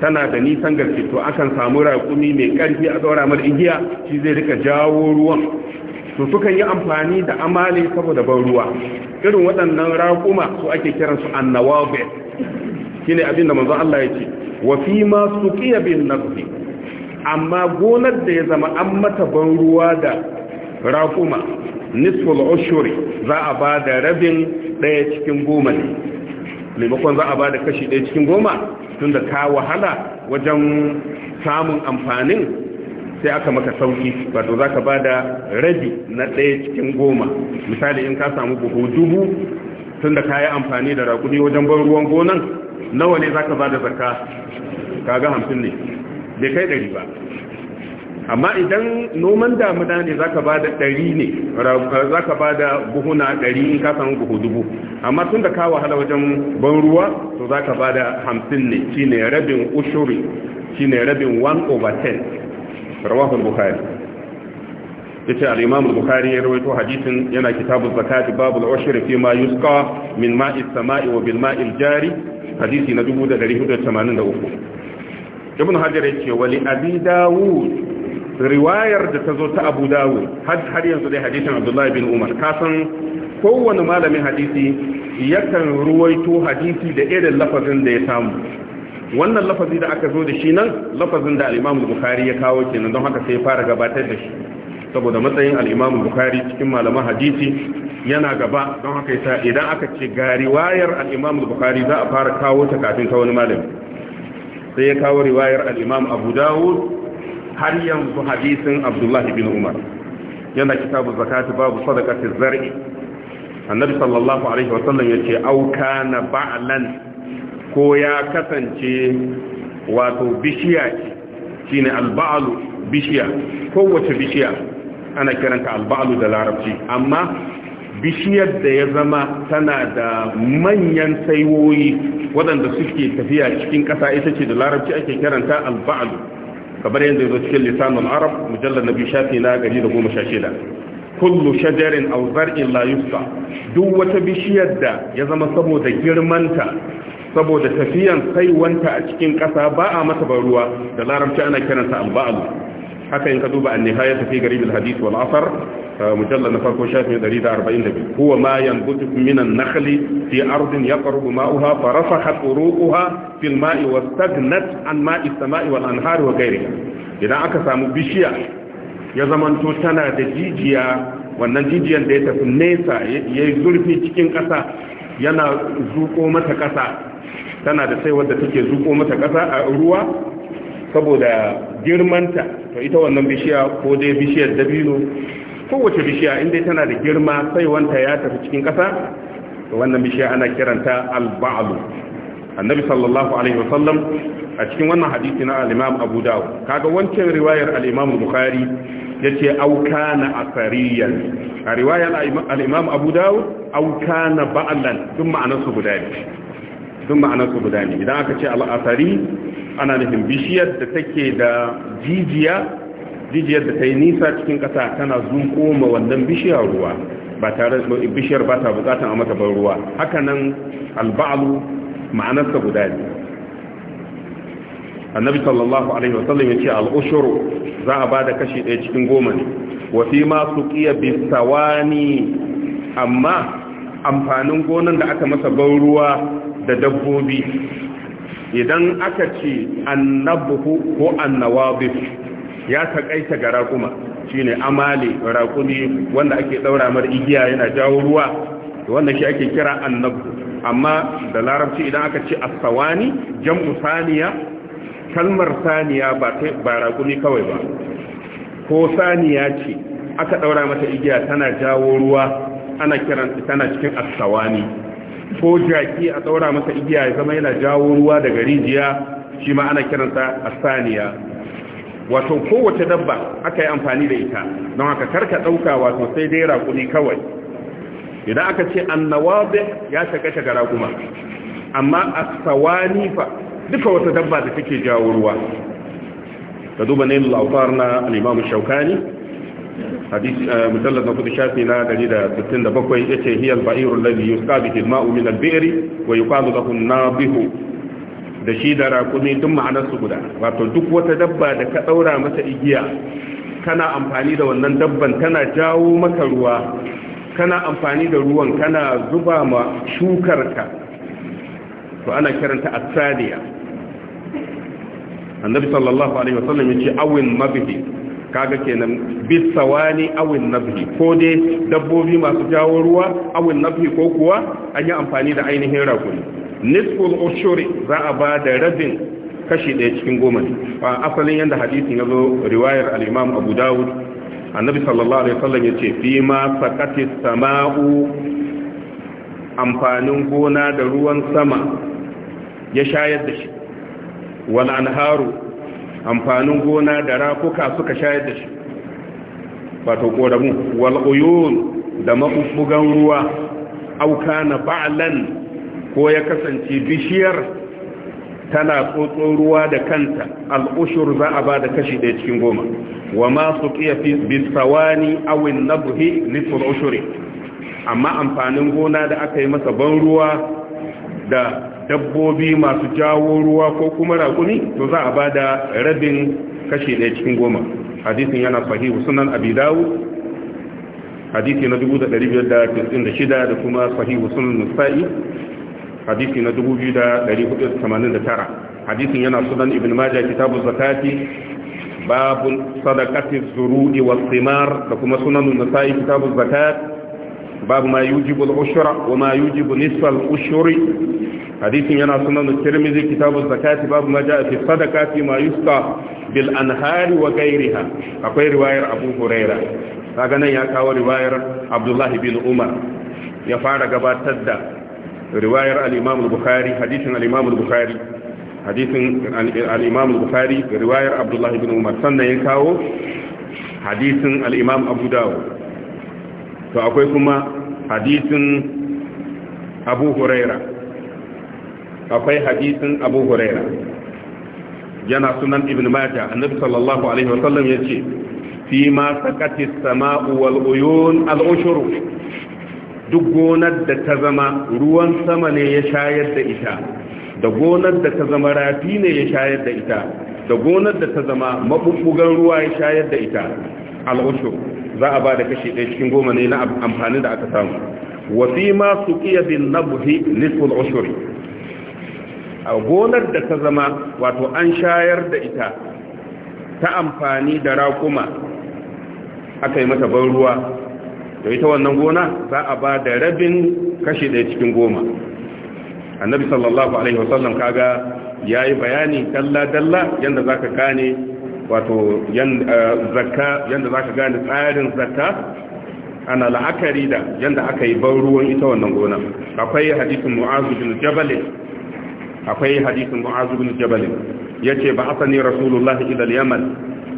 tana da nisan gaske to akan samu raƙumi mai ƙarfi a tsawara mar igiya shi zai rika jawo ruwan su suka yi amfani da amali saboda ban ruwa irin waɗannan raƙuma su ake kiransu shi ne abin da manzo Allah ya ce Wafi fi ma suqiya bin nafsi amma gonar da ya zama an mata ban ruwa da raquma nisful ushuri za a ba da rabin daya cikin goma ne maimakon za a ba da kashi daya cikin goma tunda ka wahala wajen samun amfanin sai aka maka sauki wato za ka ba da rabi na ɗaya cikin goma misali in ka samu buhu dubu tun da ka yi amfani da rakuni wajen ban ruwan gonan nawa ne za ka ba da zaka kaga hamsin ne bai kai ɗari ba amma idan noman damuna ne ba da ɗari ne za ka ba da buhuna ɗari in kasan buhu dubu amma tun da ka wahala wajen ban ruwa to za ka ba da hamsin ne Shi ne rabin ushuri Shi ne rabin 1 over 10 rawahun bukhari Ya ce imam al-bukhari ya rawaito hadisin yana kitabu zakati babul ushri fi ma yusqa min ma'is sama'i wa bil ma'il jari hadisi na 1483 ibn hajar yace wali abi dawud riwayar da ta zo ta abu dawud har yanzu dai hadisin abdullahi bin umar kasan kowane malamin hadisi yakan ruwaito hadisi da irin lafazin da ya samu wannan lafazi da aka zo da shi nan lafazin da al-imam bukhari ya kawo kenan don haka sai ya fara gabatar da shi saboda matsayin al-Imam Bukhari cikin malaman hadisi yana gaba don haka yasa idan aka ce ga riwayar al-Imam Bukhari za a fara kawo ta kafin ta wani malami sai ya kawo riwayar al-Imam Abu Dawud har yanzu hadisin Abdullah bin Umar yana kitabu zakati babu sadaqati zar'i annabi sallallahu alaihi wasallam yace au kana ba'lan ko ya kasance wato bishiya shine al-ba'lu bishiya kowace bishiya ana kiranta alba'alu da larabci amma bishiyar da ya zama tana da manyan saiwoyi waɗanda suke tafiya cikin ƙasa ita ce da larabci ake kiranta alba'alu kamar yadda zo cikin lisanul arab mujallar nabi shafi na gari da goma sha kullu shajarin auzar in la yusqa duk wata bishiyar da ya zama saboda girmanta saboda tafiyan saiwanta a cikin ƙasa ba a mata ban ruwa da larabci ana kiranta alba'alu. haka in ka duba an nihaya fi garib al-hadith uh, mujalla na farko shafin 142 huwa ma yanbutu min an-nakhli fi ardin yaqrubu ma'uha fa rafahat uha. fil ma'i wastagnat an ma'i samai wa gairi idan aka samu bishiya ya zamanto tana da jijiya wannan jijiyan da ya tafi nesa yayi zurfi cikin ƙasa yana zuƙo mata ƙasa tana da sai wadda take zuƙo mata ƙasa a ruwa saboda girmanta to ita wannan bishiya ko dai bishiyar dabino kowace bishiya inda tana da girma sai wanta ya tafi cikin ƙasa to wannan bishiya ana kiranta al alba'alu annabi sallallahu alaihi wasallam a cikin wannan hadisi na al-imam abu dawud kaga wancan riwayar al-imam bukhari yace au kana asariyan a riwayar al-imam abu dawud au kana ba'lan duk ma'anar su guda ne duk ma'anar su guda ne idan aka ce al-asari ana nufin bishiyar da take da jijiya jijiyar da ta yi nisa cikin ƙasa tana zuko ma wannan bishiyar ruwa ba tare da bishiyar ba ta bukatan a mata ban ruwa hakanan alba'alu ma'anarsa guda ne annabi sallallahu alaihi wasallam ya ce al'ushuru za a ba da kashi ɗaya cikin goma ne wafi ma su ƙiya bisawani amma amfanin gonan da aka masa ban ruwa da dabbobi idan aka ce annabuhu ko annawabif ya takaita ga raƙuma shine amali raƙumi wanda ake daura mar igiya yana jawo ruwa wannan shi ake kira annabu amma da larabci idan aka ce as-sawani jam'u saniya kalmar saniya ba ba raƙumi kawai ba ko saniya ce aka daura mata igiya tana jawo ruwa ana kiran tana cikin as ko jaki a daura masa igiya ya zama yana jawo ruwa daga rijiya shi ma ana kiransa asaniya wato kowace dabba aka yi amfani da ita don haka karka dauka wato sai dai rakuni kawai idan aka ce annawabe ya shaka shaka raguma amma asawani fa duka wata dabba da take jawo ruwa ka duba ne al-awtar na al-imam shaukani hadisi eh, mujallad na kudu shafi na 167 yace hiyal ba'irul ladhi yusqa bihi al-ma'u min al-bi'ri wa yuqalu lahu an-nabihu da shi da rakumi duk ma'anar su guda wato duk wata dabba da ka daura mata igiya kana amfani da wannan dabban tana jawo maka ruwa kana amfani da ruwan kana zuba ma shukarka to ana kiranta asaliya annabi sallallahu alaihi wasallam awin mabihi kaga kenan bis sawani awin nabhi ko dai dabbobi masu jawo ruwa awin nabhi ko kuwa an yi amfani da ainihin rakuni nisful ushuri za a ba da rabin kashi ɗaya cikin goma asalin yadda hadisin ya zo riwayar al-imam abu dawud annabi sallallahu alaihi wasallam yace fi ma saqati samau amfanin gona da ruwan sama ya shayar da shi wal anharu amfanin gona da rafuka suka shayar da shi wato koramu wal uyun da mabubbugan ruwa auka na ba'lan ko ya kasance bishiyar tana tsotso ruwa da kanta al'ushur za a ba da kashi ɗaya cikin goma wa masu ƙiyafi bisawani awin nabuhi nufin ushuri amma amfanin gona da aka yi masa ban ruwa da dabbobi masu jawo ruwa ko kuma raƙumi to za a ba da rabin kashi ɗaya cikin goma hadisin yana sahihu sunan abi hadisi na dubu da kuma sahihu sunan nusa'i hadisi na 2489 hadisin yana sunan ibn majah kitabu zakati babun sadaqati zuru'i wa simar da kuma sunan nusa'i kitabu zakat babu ma yujibu al-ushra wa ma yujibu nisfa al-ushuri hadisin yana sunan tirmidhi kitabu zakati babu ma jaa fi sadaqati ma yusqa bil anhari wa ghayriha akwai riwayar abu huraira kaga nan ya kawo riwayar abdullahi bin umar ya fara gabatar da riwayar al-imam al-bukhari hadisin al bukhari hadisin al bukhari riwayar abdullahi bin umar sannan ya kawo hadisin al-imam to akwai kuma hadisin abu huraira akwai hadisin abu huraira yana sunan ibn majah annabi sallallahu alaihi sallam yace fi ma sakati as-sama'u wal uyun al-ushur duk gonar da ta zama ruwan sama ne ya shayar da ita da gonar da ta zama rafi ne ya shayar da ita da gonar da ta zama mabubbugan ruwa ya shayar da ita al-ushur za a ba da kashi ɗaya cikin goma ne na amfani da aka samu wafi ma su iya bin nabuhi nisul ushuri a gonar da ta zama wato an shayar da ita ta amfani da raƙuma aka yi mata ban ruwa da ita wannan gona za a ba da rabin kashi ɗaya cikin goma annabi sallallahu alaihi wasallam kaga ya yi bayani dalla-dalla yadda za ka gane wato eh, zakka yanda za ka gane tsarin zakka ana la'akari da yanda aka yi ban ruwan ita wannan gona akwai hadisin mu'azu bin jabal akwai hadisin mu'azu bin Ya ce ba asani rasulullah ila yaman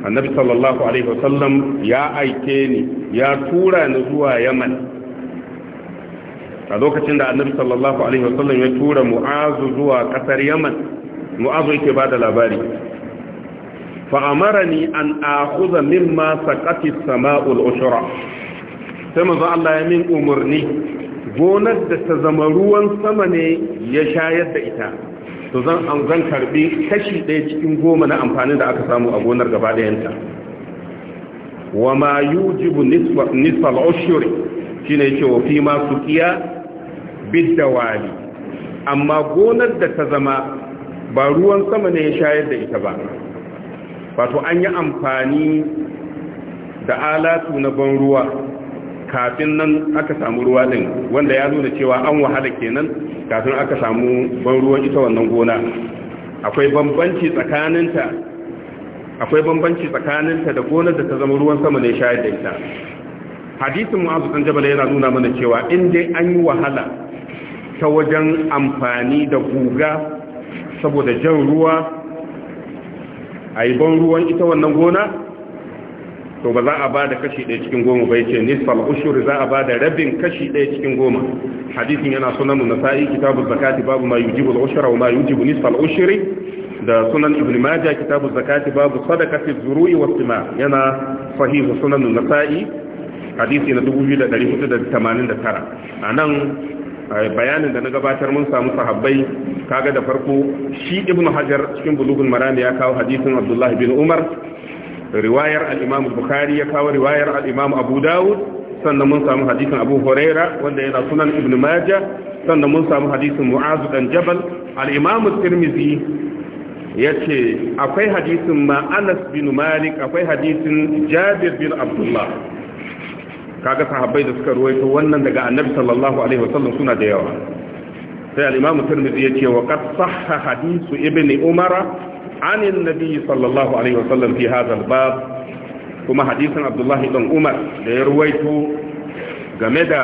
annabi sallallahu alaihi wasallam ya aike ni ya tura ni zuwa yaman a lokacin da annabi sallallahu alaihi wasallam ya tura mu'azu zuwa kasar yaman mu'azu yake da labari fa'amarani an akuza mimma saƙafi sama'ul ushura sai mazu Allah ya min umarni gonar da ta zama ruwan sama ne ya shayar da ita to zan an zan karbi kashi ɗaya cikin goma na amfanin da aka samu a gonar gaba ɗayanta wa ma yujibu nisfal ushuri ne yake wa fi ma suqiya bidawali amma gonar da ta zama ba ruwan sama ne ya shayar da ita ba wato an yi amfani da alatu na ban ruwa kafin nan aka samu ruwa din wanda ya nuna cewa an wahala kenan kafin aka samu ban ruwan ita wannan gona akwai bambanci tsakaninta akwai bambanci tsakaninta da gonar da ta zama ruwan sama ne shayar da ita hadisin mu'azu dan jabal yana nuna mana cewa in dai an yi wahala ta wajen amfani da guga saboda jan ruwa a yi ban ruwan ita wannan gona to ba za a ba da kashi ɗaya cikin goma ba ce. nisfal ushur za a ba da rabin kashi ɗaya cikin goma hadisin yana sunan nasa'i kitabu zakati babu ma yujibu al-ushra wa ma yujibu nisfal ushri da sunan ibn majah kitabu zakati babu sadaqati zuru'i was sima yana sahihu sunan nasa'i hadisi na 2489 anan bayanin da na gabatar mun samu sahabbai kaga da farko shi ibnu hajar cikin bulughul maram ya kawo hadisin abdullah bin umar riwayar al-imam bukhari ya kawo riwayar al-imam abu daud sannan mun samu hadisin abu huraira wanda yana sunan ibnu majah sannan mun samu hadisin mu'az dan jabal al-imam tirmizi tirmidhi yace akwai hadisin ma anas bin malik akwai hadisin jabir bin abdullah kaga sahabbai da suka ruwaito wannan daga annabi sallallahu alaihi wasallam suna da yawa sai al-imamu tirmidhi ce wa qad sahha hadithu ibn umara an annabi sallallahu alaihi wasallam fi hadha al-bab kuma hadisin abdullahi ibn umar da ya ruwaito game da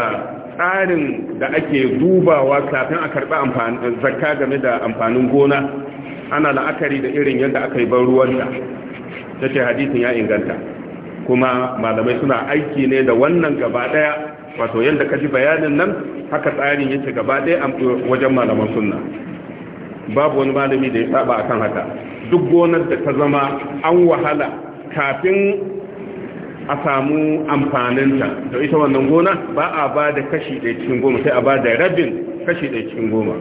tsarin da ake dubawa kafin a karɓi amfanin zakka game da amfanin gona ana la'akari da irin yadda aka yi ban ruwan da tace hadisin ya inganta kuma malamai suna aiki ne da wannan gaba daya wato yadda ka ji bayanin nan haka tsarin yake gaba daya wajen malaman sunna babu wani malami da ya saba akan haka duk gonar da ta zama an wahala kafin a samu amfaninta da ita wannan gona ba a ba da kashi ɗaya cikin goma sai a ba da rabin kashi ɗaya cikin goma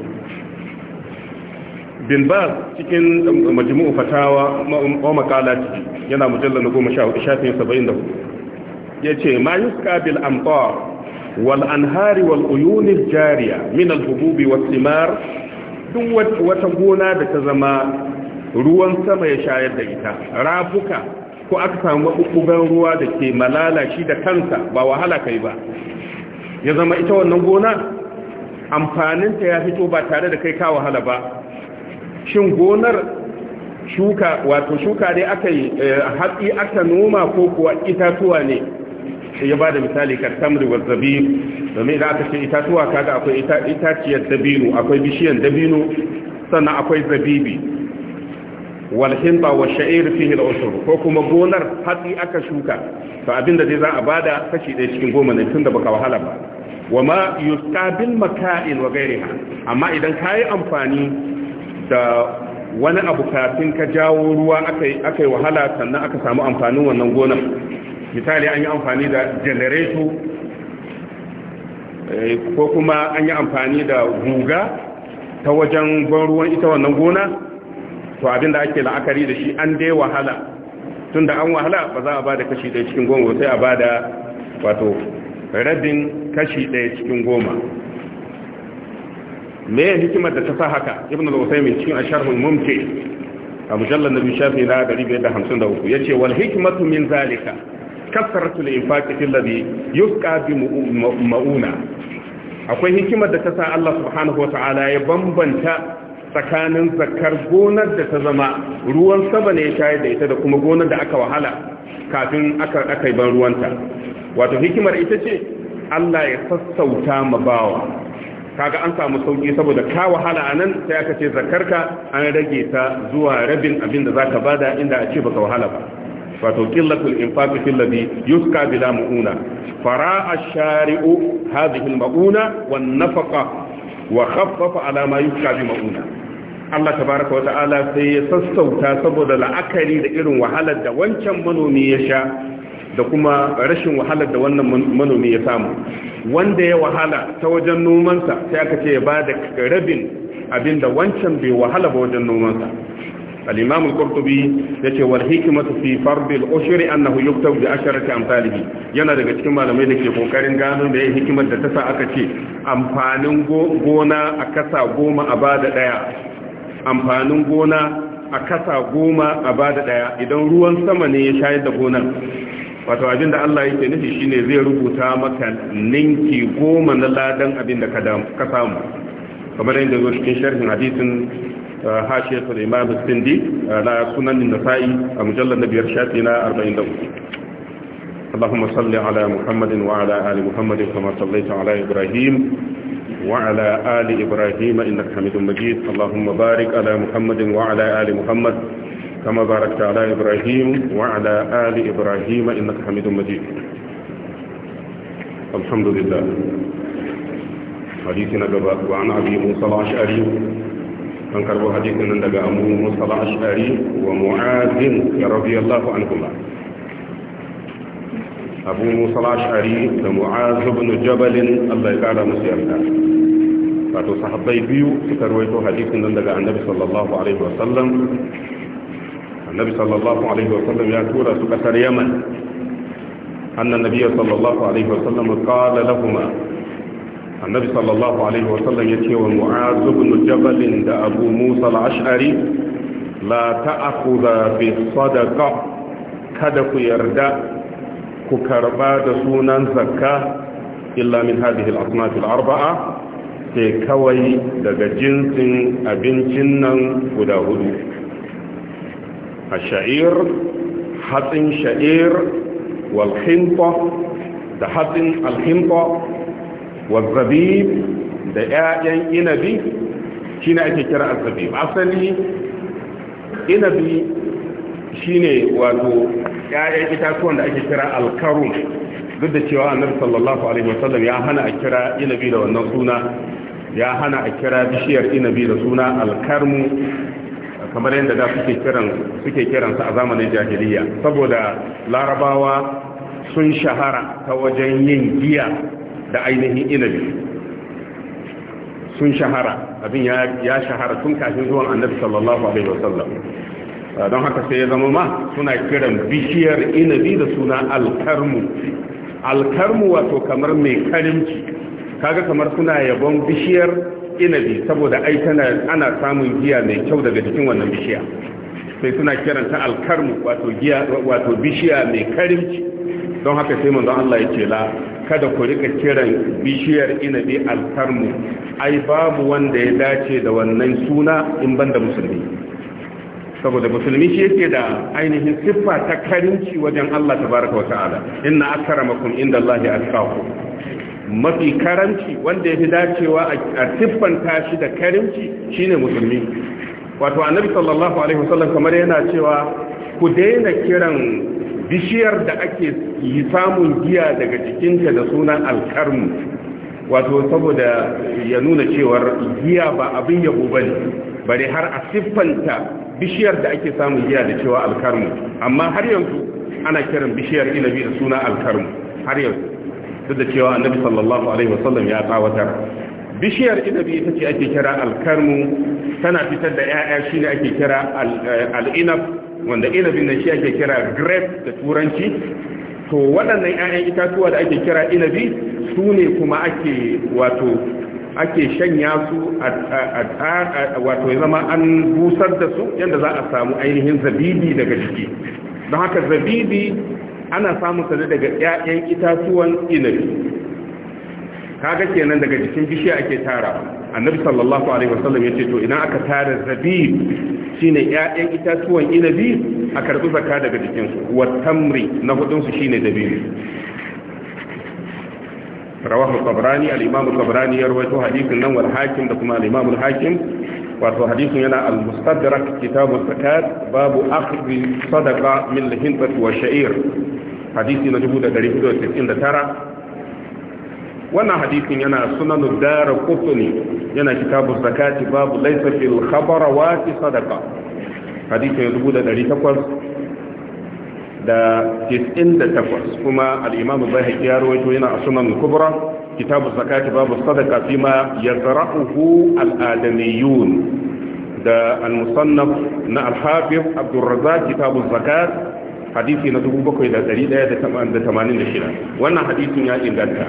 bin ba cikin um, majmu'u fatawa um, wa makala yana mujallar na goma shafin saba'in da hudu ya ce ma yuska bil amtar wal anhari wal uyuni jariya min al hububi wa simar duk wata gona da ta zama ruwan sama ya shayar da ita rafuka ko aka samu ukuban ruwa da ke malala shi da kansa ba wahala kai ba ya zama ita wannan gona amfaninta ya fito ba tare da kai ka wahala ba shin gonar shuka wato shuka dai aka yi eh, hatsi aka noma ko kuwa itatuwa ne ya ba da misali kartamri wa zabiru. domin idan aka ce itatuwa kaga akwai itaciyar dabino akwai bishiyar dabino sannan akwai zabibi walhin ba wa sha'ir fihi al ko kuma gonar hatsi aka shuka to abinda zai za a bada kashi ɗaya cikin goma ne da baka wahala ba wa ma yustabil maka'in wa gairiha amma idan kayi amfani da wani abu kafin ka jawo ruwa aka yi wahala sannan aka samu amfanin wannan gonar misali an yi amfani da janareto eh, ko kuma an yi amfani da guga ta wajen ban ruwan ita wannan gona to abin da ake la'akari da shi an dai wahala tun da an wahala ba za a ba da kashi ɗaya cikin goma sai a ba da wato rabin kashi ɗaya cikin goma me ya hikimar da ta sa haka ibn al-usaymin cikin asharhul mumti a mujallal nabi shafi na 553 yace wal hikmatu min zalika kasratu al-infaqi fil yusqa bi mauna akwai hikimar da ta sa Allah subhanahu wata'ala ya bambanta tsakanin zakar gonar da ta zama ruwan sama ne ya shayar da ita da kuma gonar da aka wahala kafin aka aka ban ruwanta wato hikimar ita ce Allah ya sassauta ma bawa kaga an samu sauki saboda ka wahala a nan sai aka ce zakarka an rage ta zuwa rabin abin da zaka bada inda a ce baka wahala ba wato qillatul infaq fil ladhi yuska bila muuna fara ash-shari'u hadhihi al-mauna wan nafaqa wa khaffafa ala ma yuska bi mauna Allah tabaaraka wa ta'ala sai ya sassauta saboda la'akari da irin wahalar da wancan manomi ya sha da kuma rashin wahalar da wannan manomi ya samu wanda ya wahala ta wajen nomansa sai aka ce ya ba da rabin abinda wancan bai wahala ba wajen nomansa al-imam al-qurtubi yace wal hikmatu fi fard al-ushri annahu yuktab bi asharati amsalihi yana daga cikin malamai da ke kokarin gano da yayin hikimar da ta sa aka ce amfanin gona a kasa goma a bada daya amfanin gona a kasa goma a bada daya idan ruwan sama ne ya shayar da gonar wato abinda Allah yake nufi shine zai rubuta maka ninki goma na ladan abinda ka ka samu kamar yadda zo cikin sharhin hadisin uh, hashiyatu da Imam Sindi uh, na sunan Nasa'i a mujallar na biyar shafi na 43 اللهم صل على محمد وعلى آل محمد كما صليت على إبراهيم وعلى آل إبراهيم إنك حميد مجيد اللهم بارك على محمد وعلى آل محمد كما باركت على إبراهيم وعلى آل إبراهيم إنك حميد مجيد الحمد لله حديثنا قبل وعن أبي موسى الأشعري انكر حديثنا لقى أبو موسى الأشعري ومعاذ رضي الله عنهما أبو موسى الأشعري ومعاذ بن جبل الله يقال مسيرنا فاتو sahabbai بيو suka rawaito hadisin nan النبي صلى الله عليه وسلم. النبي صلى الله عليه وسلم يأتورا su اليمن أن النبي صلى الله عليه وسلم قال لهما النبي صلى الله عليه وسلم يتي ومعاذ بن جبل دا أبو موسى العشعري لا تأخذ في الصدقة كدك يرداء ككربا دسونا زكاة إلا من هذه الأصناف الأربعة sai kawai daga أبن جنن nan hatsin الشعير حطن شعير والحنطة ده حطن الحنطة والزبيب ده آيان إنبي شين أكي كرا asali inabi shi ne wato ƴaƴan itatuwan da ake kira alkaru duk da cewa annabi sallallahu alaihi wasallam ya hana a kira inabi da wannan suna ya hana a kira bishiyar inabi da suna alkarmu kamar yadda da suke kiran suke kiransa a zamanin jahiliya saboda larabawa sun shahara ta wajen yin giya da ainihin inabi sun shahara abin ya shahara tun kafin zuwan annabi sallallahu alaihi wasallam ah, don haka sai ya zama ma suna kiran bishiyar inabi da suna alkarmu alkarmu wato kamar mai karimci kaga kamar suna yabon bishiyar inabi saboda ai tana ana samun giya mai kyau daga cikin wannan bishiya sai suna kiranta alkarmu wato giya wato bishiya mai karimci don haka sai manzon Allah ya ce la kada ku rika kiran bishiyar inabi alkarmu ai babu wanda ya dace da wannan suna in banda musulmi saboda musulmi shi yake da ainihin siffa ta karimci wajen Allah tabaraka wa ta'ala inna akramakum ya atqakum mafi karamci wanda ya fi dacewa a siffanta shi da karimci shine musulmi wato annabi sallallahu alaihi wasallam kamar yana cewa ku daina kiran bishiyar da ake yi samun giya daga jikinta da sunan alkarmu wato saboda ya nuna cewar giya ba abin yabo ne, bare har a siffanta bishiyar da ake samun giya da cewa alkarmu amma har yanzu ana kiran bishiyar inabi da suna alkarmu har yanzu duk da cewa annabi sallallahu alaihi wasallam ya tsawatar bishiyar inabi ita ce ake kira alkarmu tana fitar da 'ya'ya shi ne ake kira eh, al'inab wanda inabin nan shi ake kira grape da turanci to waɗannan 'ya'yan itatuwa da ake kira inabi su ne kuma ake wato ake shanya su wato ya zama an busar da su yadda za a samu ainihin zabibi daga jiki don haka zabibi ana samun sa daga ƴaƴan itatuwan inabi kaga kenan daga jikin bishiya ake tara annabi sallallahu alaihi wasallam yace to idan aka tara zabib shine ƴaƴan itatuwan inabi a karbi zakka daga jikin su wa tamri na hudun su shine dabino rawahu tabrani al-imam tabrani ya rawaito hadithin nan wal hakim da kuma al-imam al-hakim wato hadisin yana al-mustadrak kitabu zakat babu akhdhi sadaqa min al-hintati wa sha'ir hadisi na 1469 wannan hadisin yana sunan darqutni yana kitabu zakati babu laysa fil khabarawati sadaqa hadisi na 1800 da 98 kuma al-imam bayhaqi ya rawaito yana sunan kubra kitabu zakati babu sadaka fi ma yazra'uhu al-adamiyun da al-musannaf na al-hafiz Abdul Razzaq kitabu zakat hadisi na 7186 wannan hadisin ya inganta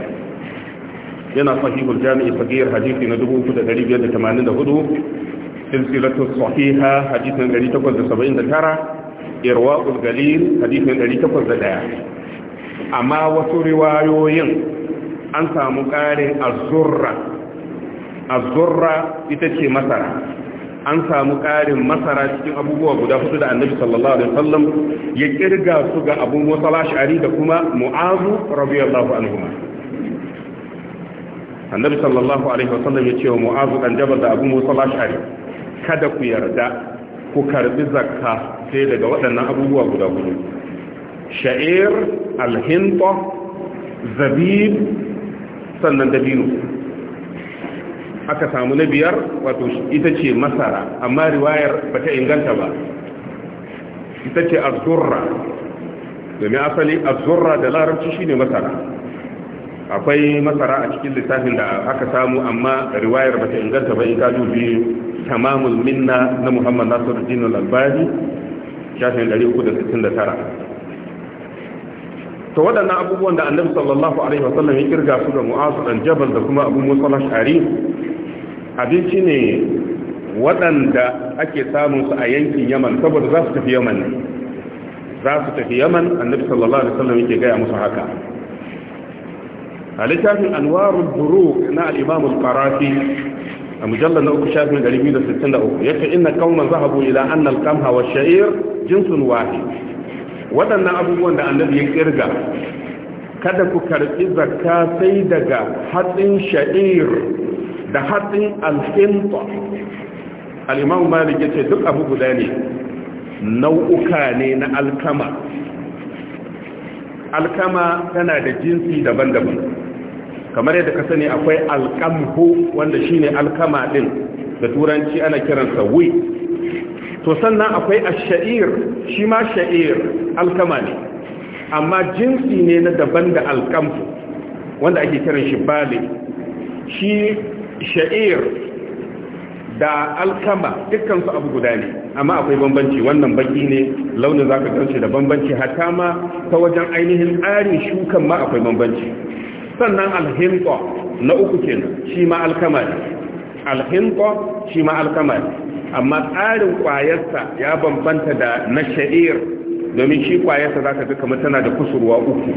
yana sahihul jami'i sagir hadisi na 3584 silsilatu sahiha hadisi na 879 irwaqul galil hadisi na 801 amma wasu riwayoyin an samu ƙarin azurra azurra ita ce masara an samu ƙarin masara cikin abubuwa guda hudu da annabi sallallahu alaihi wasallam ya kirga su ga abu musa ash'ari da kuma mu'azu radiyallahu anhu annabi sallallahu alaihi wasallam ya ce wa mu'azu dan jabal da abu musa ash'ari kada ku yarda ku karbi zakka sai daga waɗannan abubuwa guda hudu sha'ir alhinta zabib sannan dabino aka samu na biyar wato ita ce masara amma riwayar ba ta inganta ba ita ce azurra domin asali azurra da larabci shine masara akwai masara a cikin littafin da aka samu amma riwayar ba ta inganta ba in ka dubi tamamul minna na muhammad nasiru al-albani shafin 369 to waɗannan abubuwan da annabi sallallahu alaihi wasallam ya kirga su da mu'azu dan jabal da kuma abu musa al-ash'ari abinci ne waɗanda ake samun su a yankin yaman saboda za su tafi yaman za su tafi yaman annabi sallallahu alaihi wasallam yake gaya musu haka a littafin anwarul buruk na al-imam al-qarafi a mujallar na uku shafin 263 yake inna qauman zahabu ila anna al-qamha wa shair jinsun wahid waɗannan abubuwan da annabi ya kirga kada ku karɓi zakka sai daga hatsin sha'ir da hatsin alfinta al'imamu malik ya ce duk abu guda ne nau'uka ne na alkama alkama tana da jinsi daban-daban kamar yadda ka sani akwai alkamhu wanda shine alkama din da turanci ana kiransa wheat to sannan akwai ash-sha'ir shi ma sha'ir alkama ne amma jinsi ne na daban da alkamfu wanda ake kiran shi bale shi sha'ir da alkama dukkansu abu guda ne amma akwai bambanci wannan baki ne launin zaka ganshi da bambanci hatta ma ta wajen ainihin tsarin shukan ma akwai bambanci sannan alhimqa na uku kenan shi ma alkama ne alhinta shi ma alkama amma tsarin kwayarsa ya bambanta da na sha'ir domin shi kwayarsa za ka ga kamar tana da kusurwa uku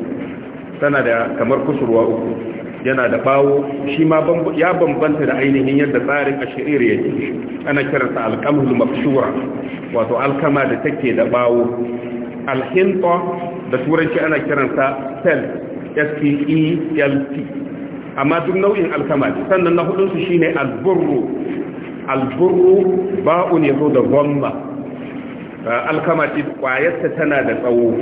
tana da kamar kusurwa uku yana da bawo shi ma ya bambanta da ainihin yadda tsarin a ya yake ana kiransa alkamul mafshura wato alkama da take da bawo alhinta da turanci ana kiransa sel s p e l t amma duk nau'in alkama sannan na hudunsu shi ne alburru alburru ba'un ya da gwamma alkama kwayarta tana da tsawo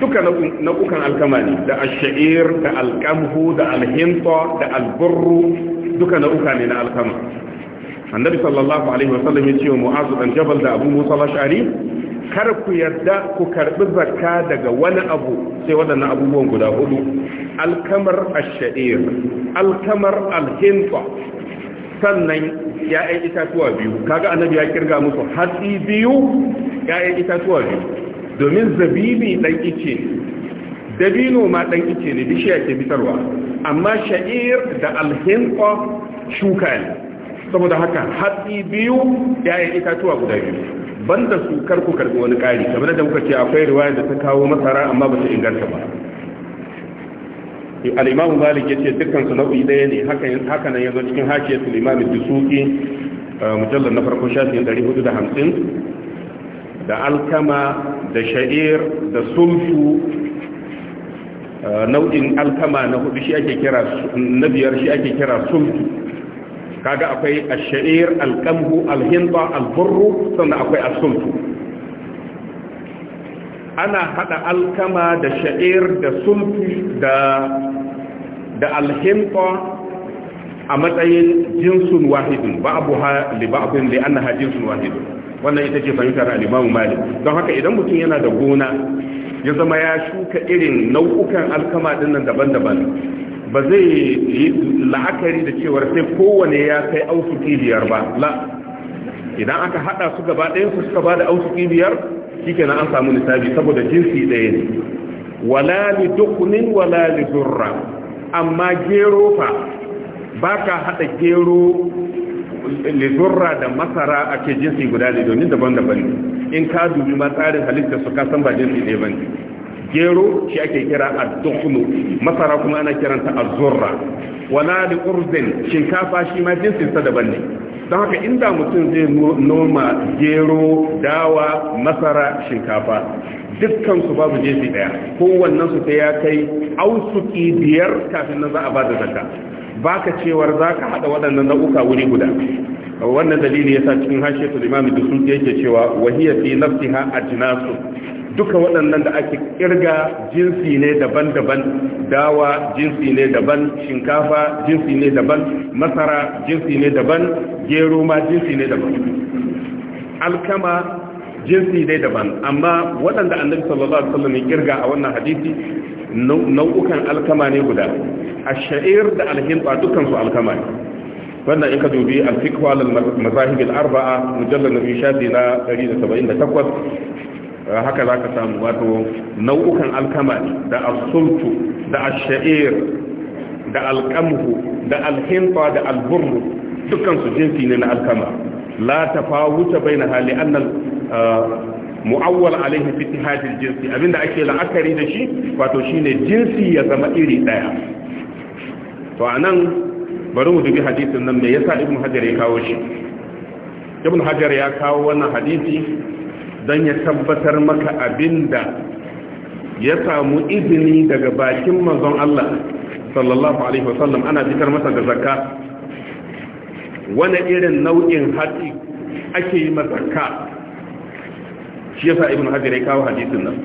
duka nau'ukan alkama da asha'ir da alkamhu da alhinta da alburru duka nau'uka ne na alkama annabi sallallahu alaihi wasallam ya ce wa mu'azu dan jabal da abu musa al kar ku yarda ku karbi zakka daga wani abu sai waɗannan abubuwan guda hudu alkamar ash-sha'ir alkamar al hinfa sannan ya'yan itatuwa biyu kaga annabi ya kirga musu hatsi biyu ya ya'yan itatuwa biyu domin zabibi dan ice dabino ma dan ice ne bishiya ke fitarwa amma sha'ir da al hinfa shuka ne saboda haka hatsi biyu ya ya'yan itatuwa guda biyu banda su karku karbi wani kari kamar da muka ce akwai riwaya da ta kawo masara amma ba ta inganta ba al-imam malik yace dukkan su nau'i daya ne haka haka nan yazo cikin hakiyatul imam ad-dusuki eh, mujallal na farko shafin 450 da alkama da sha'ir da sulfu eh, nau'in alkama na hudu shi ake kira na biyar shi ake kira sulfu kaga akwai ash-sha'ir al-qamhu al sannan akwai as-sulfu ana hada alkama da sha'ir da sulfu da da al a matsayin jinsun wahidun ha li ba'din li ha jinsun wahidun wannan ita ce fahimtar alimamu malik don haka idan mutum yana da gona ya zama ya shuka irin nau'ukan alkama dinnan daban-daban ba zai yi la'akari da cewar sai kowane ya kai auki kibiyar ba la idan aka hada su gaba ɗayan su suka ba da kibiyar biyar na an samu nisabi saboda jinsi ɗaya ne wala li dukunin wala li zurra amma gero fa ba ka hada gero li zurra da masara a ake jinsi guda ne domin daban-daban in ka dubi ma tsarin halitta su ka san ba jinsi ɗaya ne gero shi ake kira ad-dukhnu masara kuma ana kiranta az-zurra wala li urzin shinkafa shi ma jinsin daban ne don haka inda mutum zai noma gero dawa masara shinkafa dukkan su babu jinsi daya kowannen su ta ya kai ausuki biyar kafin nan za a bada zakka Ba ka cewar za ka haɗa waɗannan nau'uka wuri guda wannan dalili sa cikin hashe su limami da sun yake cewa wahiya fi nafsiha ajnasu duka waɗannan da ake kirga jinsi ne daban-daban dawa jinsi ne daban shinkafa jinsi ne daban masara jinsi ne daban gero ma jinsi ne daban alkama jinsi ne daban amma waɗanda annabi sallallahu alaihi wasallam ya kirga a wannan hadisi nau'ukan alkama ne guda ash-sha'ir da al dukansu alkama ne wannan in ka dubi al-fiqh wal mazahib al-arba'a mujallad na shafi na 178 eh, haka za ka samu wato nau'ukan alkama ne da asultu da ash-sha'ir da al da al da al-burr dukkan jinsi ne na alkama la tafawuta bainaha li anna eh, mu'awwal alaihi fi ittihadil jinsi abinda ake la'akari da shi wato shine jinsi ya zama iri daya to anan bari mu dubi hadisin nan me yasa ibnu hajar ya kawo shi ibnu hajar ya kawo wannan hadisi dan ya tabbatar maka abinda ya samu izini daga bakin manzon Allah sallallahu alaihi wasallam ana fitar masa da zakka wani irin nau'in hatsi ake yi masa zakka shi yasa ibn hajar ya kawo hadisin nan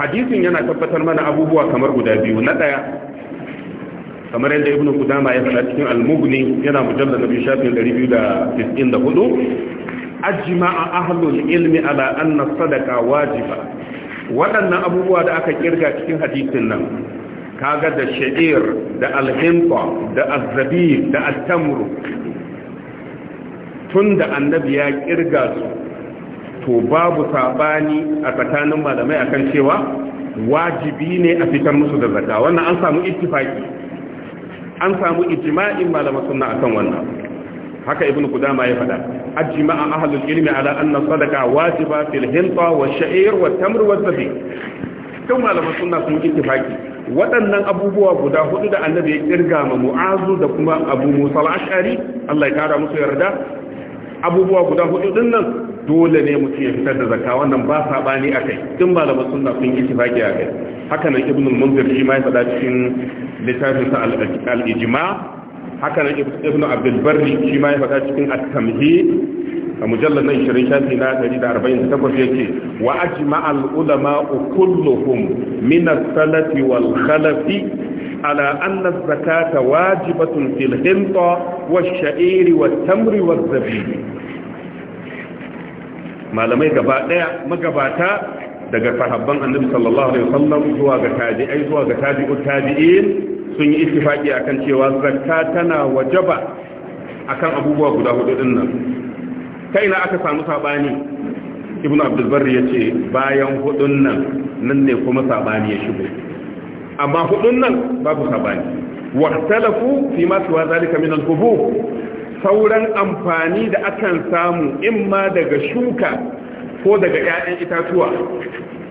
hadisin yana tabbatar mana abubuwa kamar guda biyu na daya kamar yadda ibn kudama ya faɗa cikin al-mughni yana mujallal nabi shafin 294 ajma'a ahlul ilmi ala anna sadaqa wajiba waɗannan abubuwa da aka kirga cikin hadisin nan kaga da sha'ir da alhimfa da azabi da atamru tun da annabi ya kirga su to babu sabani a tsakanin malamai akan cewa wajibi ne a fitar musu da zakka wannan an samu ittifaki an samu ijma'in malaman sunna akan wannan haka ibnu qudama ya faɗa ajma'a ahlul ilmi ala anna sadaqa wajiba fil hinta wa sha'ir wa tamr wa zabi kan malaman sunna sun ittifaki waɗannan abubuwa guda hudu da annabi ya kirga ma mu'azu da kuma abu musa al-ash'ari Allah ya kara musu yarda abubuwa guda hudu din nan dole ne mutum ya fitar da zakka wannan ba a kai. sabani akai duk malaman sunna sun yi tifaki akai haka nan ibnu munzir shi ma ya faɗa cikin littafin sa al-ijma haka nan ibnu abdul barri shi ma ya faɗa cikin at-tamhid a mujallar nan shirin shafi na da 148 yake wa ajma al-ulama kulluhum min as-salafi wal khalafi ala anna az-zakata wajibatun fil hinta wash-sha'iri wat-tamri waz-zabib malamai gaba daya magabata daga sahabban annabi sallallahu alaihi wasallam zuwa ga tabi'ai zuwa ga tabi'ut tabi'in sun yi ittifaqi akan cewa zakka tana wajaba akan abubuwa guda hudu din nan kai na aka samu sabani ibnu abdul barri yace bayan hudun nan nan ne kuma sabani ya shigo amma hudun nan babu sabani ma tuwa zalika min al الكفوف sauran amfani da akan samu in ma daga shuka ko daga 'ya'yan itatuwa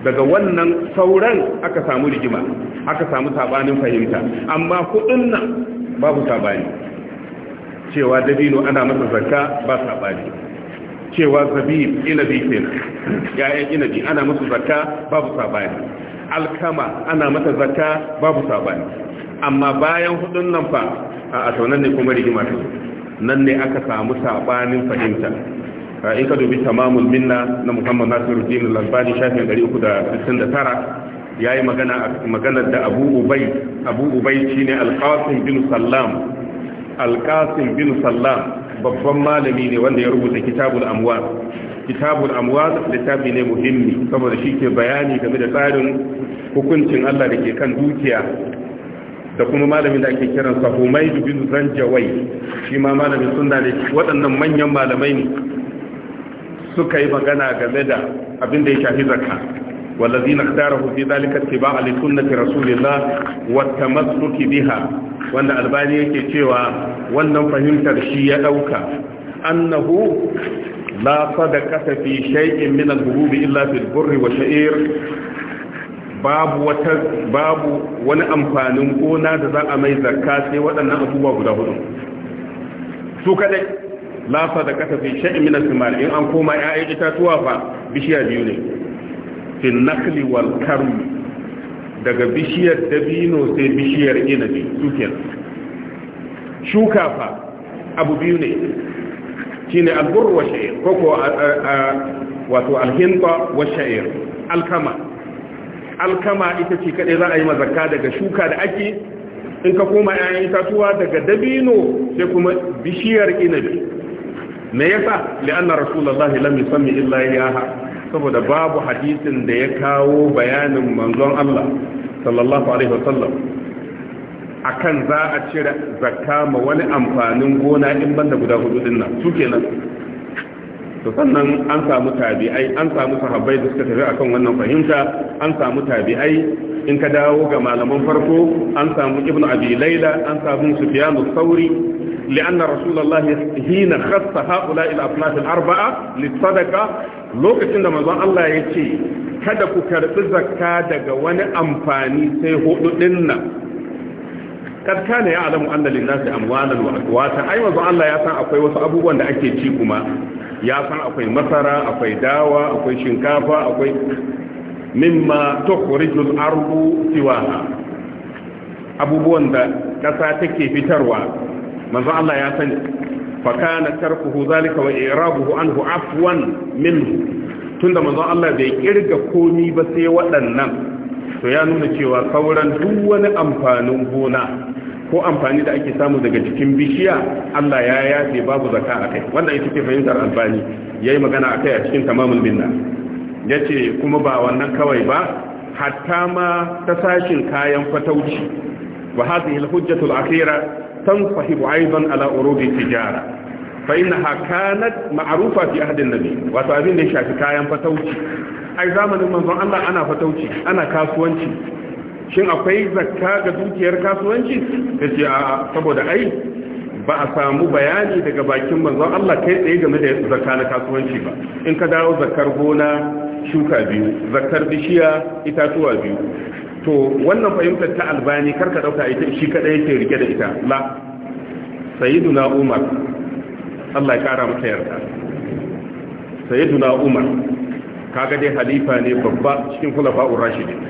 daga wannan sauran aka samu rigima aka samu sabanin fahimta amma kudin nan babu sabani cewa dabino ana masa zakka ba sabani cewa zabib inabi kenan 'ya'yan inabi ana masa zakka babu sabani alkama ana masa zakka babu sabani amma bayan kudin nan fa a taunan ne kuma rigima ta nan ne aka samu saɓanin fahimta in ka dubi tamamul minna na muhammad nasiruddin al-albani shafin 369 yayi magana magana da abu ubay abu ubay shine al-qasim bin sallam alƙasin bin sallam babban malami ne wanda ya rubuta kitabul amwal kitabul amwal littafi ne muhimmi saboda shi ke bayani game da tsarin hukuncin Allah da ke kan dukiya da kuma malamin da ake kiran sa Humayd bin Zanjawai shi ma malamin sunna ne waɗannan manyan malamai ne suka yi magana game da abin da ya shafi zakka والذين اختاره في ذلك اتباع لسنة رسول الله والتمسك بها وأن الباني يكتوى وأن فهمت الشيء أوكا أنه لا صدقة في شيء من الهبوب إلا في البر sha'ir? babu wata babu wani amfanin gona da za a mai zakka sai waɗannan abubuwa guda hudu su kadai la sadaqata fi shay'in min al in an koma ƴaƴan itatuwa fa bishiya biyu ne fi nakli wal karm daga bishiyar dabino sai bishiyar inabi suken shuka fa abu biyu ne shine al-burr wa sha'ir koko wato al-hinta wa sha'ir alkama alkama ita ce kaɗai za a yi mazaka daga shuka da ake in ka koma 'ya'yan itatuwa daga dabino sai kuma bishiyar inabi me yasa li'anna rasulullahi lam yusammi illa iyaha saboda babu hadisin da ya kawo bayanin manzon Allah sallallahu alaihi wasallam akan za a cire zakka ma wani amfanin gona in banda guda hudu dinnan nan su kenan to sannan an samu tabi'ai an samu sahabbai da suka tafi akan wannan fahimta an samu tabi'ai in ka dawo ga malaman farko an samu ibnu abi laila an samu sufyan al-thawri لأن رسول الله حين خص هؤلاء الأصناف الأربعة للصدقة لوكتين da manzon Allah ce kada ku karbi zakka daga wani amfani sai hudu dinnan kad kana ya alamu anna lillahi amwalan wa aqwata ai manzo Allah ya san akwai wasu abubuwan da ake ci kuma ya san akwai masara akwai dawa akwai shinkafa akwai mimma tukhrijul ardu siwaha abubuwan da kasa take fitarwa manzo Allah ya sani fa kana tarkuhu zalika wa irabuhu anhu afwan tunda manzo Allah bai kirga komi ba sai waɗannan to ya nuna cewa sauran duk wani amfanin gona ko amfani da ake samu daga jikin bishiya Allah ya yafe babu zaka a kai wanda ita ke fahimtar albani ya yi magana a kai a cikin tamamin binna ya ce kuma ba wannan kawai ba hatta ma ta sashin kayan fatauci wa hadhihi al-hujjatu al-akhira tanfahibu aidan ala urudi tijara fa innaha kanat ma'rufa fi ahdi nabi wato abin da ya shafi kayan fatauci ai zamanin manzon Allah ana fatauci ana kasuwanci shin akwai zakka ga dukiyar kasuwanci ta ce a saboda ai ba a samu bayani daga bakin manzon Allah kai tsaye game da zakka na kasuwanci ba in ka dawo zakkar gona shuka biyu zakkar bishiya itatuwa biyu to wannan fahimtar ta albani karka dauka ita shi kada yake rike da ita la sayyiduna umar Allah ya kara masa yarda sayyiduna umar kaga dai halifa ne babba cikin khulafa'ur rashidin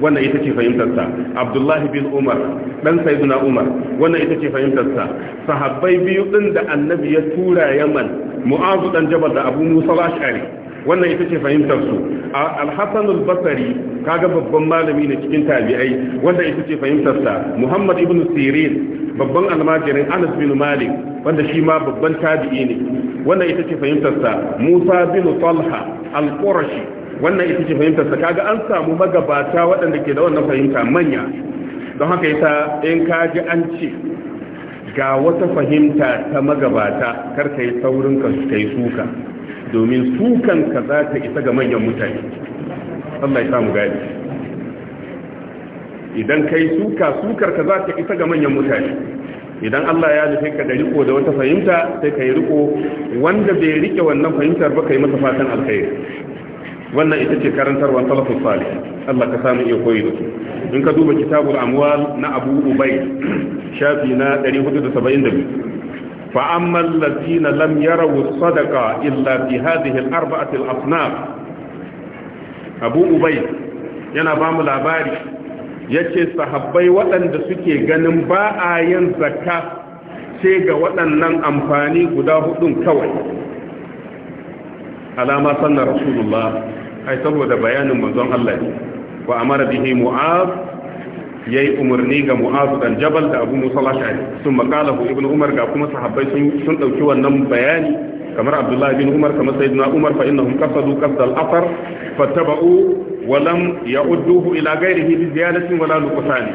wannan ita ce fahimtarsa abdullahi bin umar dan sayyiduna umar wannan ita ce fahimtarsa sahabbai biyu din da annabi ya tura yaman mu'azu dan jabal da abu musa ashari wannan ita ce fahimtarsu al-hasan al-basri kaga babban malami ne cikin tabi'ai wanda ita ce fahimtarsa muhammad ibn sirin babban almajirin anas bin malik wanda shi ma babban tabi'i ne wannan ita ce fahimtarsa musa bin talha al-qurashi wannan ita ce fahimtar sa kaga an samu magabata waɗanda ke da wannan fahimta manya don haka ita, in ka ji an ce ga wata fahimta ta magabata kar ka yi saurin ka kai suka domin sukan ka za ta isa ga manyan mutane Allah ya samu gadi idan kai suka sukar ka za ta isa ga manyan mutane idan Allah ya nufi ka da riko da wata fahimta sai ka yi riko wanda bai rike wannan fahimtar ba ka yi masa fatan alkhairi wannan ita ce karantarwar salafus salih Allah ka samu iya koyi da su in ka duba kitabul amwal na Abu Ubay shafi na 472 fa amma allazina lam yarawu sadaqa illa fi hadhihi al al-asnaf Abu Ubay yana ba mu labari ce sahabbai waɗanda suke ganin ba a yin zakka sai ga waɗannan amfani guda hudun kawai alama sannan rasulullah ai saboda bayanin manzon Allah ne wa amara bihi mu'az yayi umarni ga mu'az dan jabal da abu musa al-ash'ari sun makalahu ibnu umar ga kuma sahabbai sun sun dauki wannan bayani kamar abdullahi bin umar kamar sayyidina umar fa innahum qasadu qasd al-athar fattaba'u wa lam ya'udduhu ila ghayrihi bi ziyadatin wala nuqsani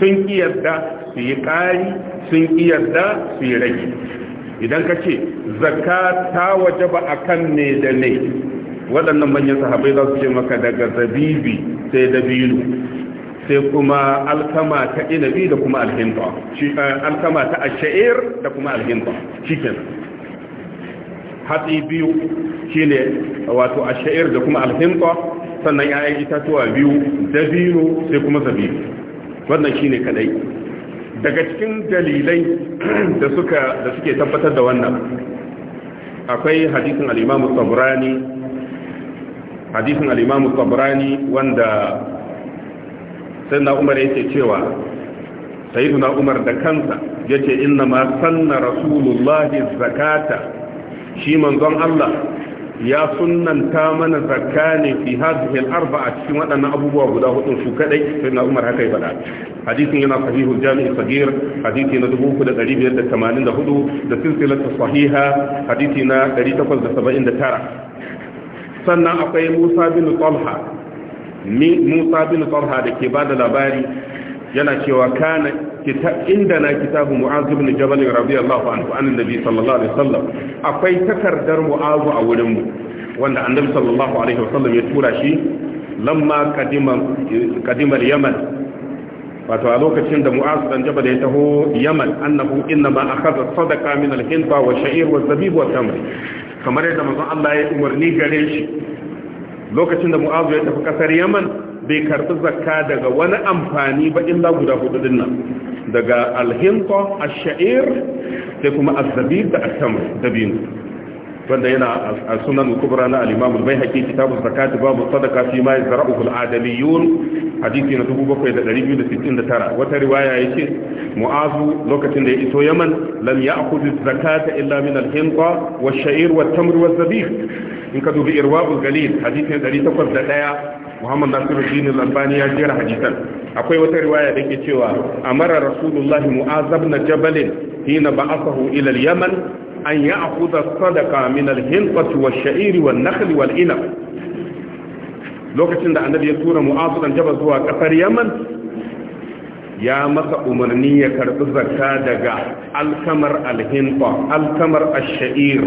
sun kiyarda su yi ƙari sun iyarda su yi rage idan ka ce zakka ta waje ba a ne da ne waɗannan manyan sahabai za su ce maka daga zabibi sai dabino sai kuma alkama ta inabi da kuma alhinta eh, alkama ta asha'ir da kuma alhinta cikin hatsi biyu shine wato asha'ir da kuma alhinta sannan ya'yan itatuwa biyu dabino sai kuma zabibi wannan shi ne kadai daga cikin dalilai da suke tabbatar da wannan akwai hadisin al-Imam hadisin al-imam tabrani wanda sai na umar yake cewa na umar da kansa ya yace inna ma sanna rasulullahi zakata shi manzon Allah ya sunnanta mana zakka ne fi hadhihi arbaa cikin waɗannan abubuwa guda hudu su kadai sai na Umar haka ya faɗa hadisin yana sahihu jami'i sagir hadisi na 3584 da silsilar sahiha hadisi na 879 sannan akwai musa bin talha musa bin talha da ke bada labari yana cewa kana inda na kitabu mu'azu bin jabal radiyallahu anhu an nabi sallallahu alaihi wasallam akwai takardar mu'azu a wurin mu wanda annabi sallallahu alaihi wasallam ya tura shi lamma qadima qadima yaman wato a lokacin da mu'azu dan da ya taho yaman annahu inna ma akhadha sadaqa min al-hinba wa sha'ir wa zabib wa tamr kamar yadda manzon Allah ya umarni gare shi lokacin da mu'azu ya tafi kasar yaman bai karbi zakka daga wani amfani ba illa guda hudu din nan daga al-hinba ash-sha'ir sai kuma az-zabib da at-tamr dabino wanda yana a sunan kubra na al-imam al-baihaqi kitabuz zakat babu sadaqa fi ma yazra'uhu al-adamiyun hadisi na 7269 wata riwaya yace mu'azu lokacin da ya iso yaman lam ya'khudh zakata illa min al-hinqa wash-sha'ir wat-tamr waz-zabib in ka dubi irwa'ul galil hadisi na 801 muhammad nasiruddin al-albani ya jera hadisan akwai wata riwaya da ke cewa amara rasulullahi mu'azab na jabalin hina ba'athahu ila al-yaman an ya akuza sadaka min alhinqati shairi wa nakhli wal-inab lokacin da annabi ya tura mu'azu dan jaba zuwa ƙasar yaman ya masa umarni ya karbi zakka daga alkamar alhinqa alkamar ash-sha'ir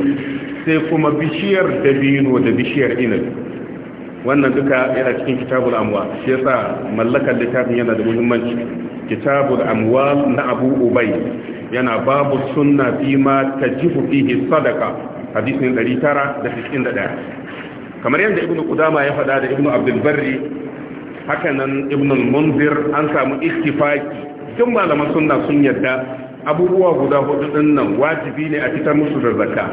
sai kuma bishiyar dabino da bishiyar ina. wannan duka yana cikin kitabul amwal shi yasa mallakar littafin yana da muhimmanci kitabul amwal na abu ubay yana babu sunna fi ma tajifu fihi sadaka da 991 kamar yadda ibn kudama ya faɗa da ibnu abdulbari hakanan ibn munzir an samu istifaki duk malaman sunna sun yadda abubuwa guda hudu din nan wajibi ne a fitar musu da zaka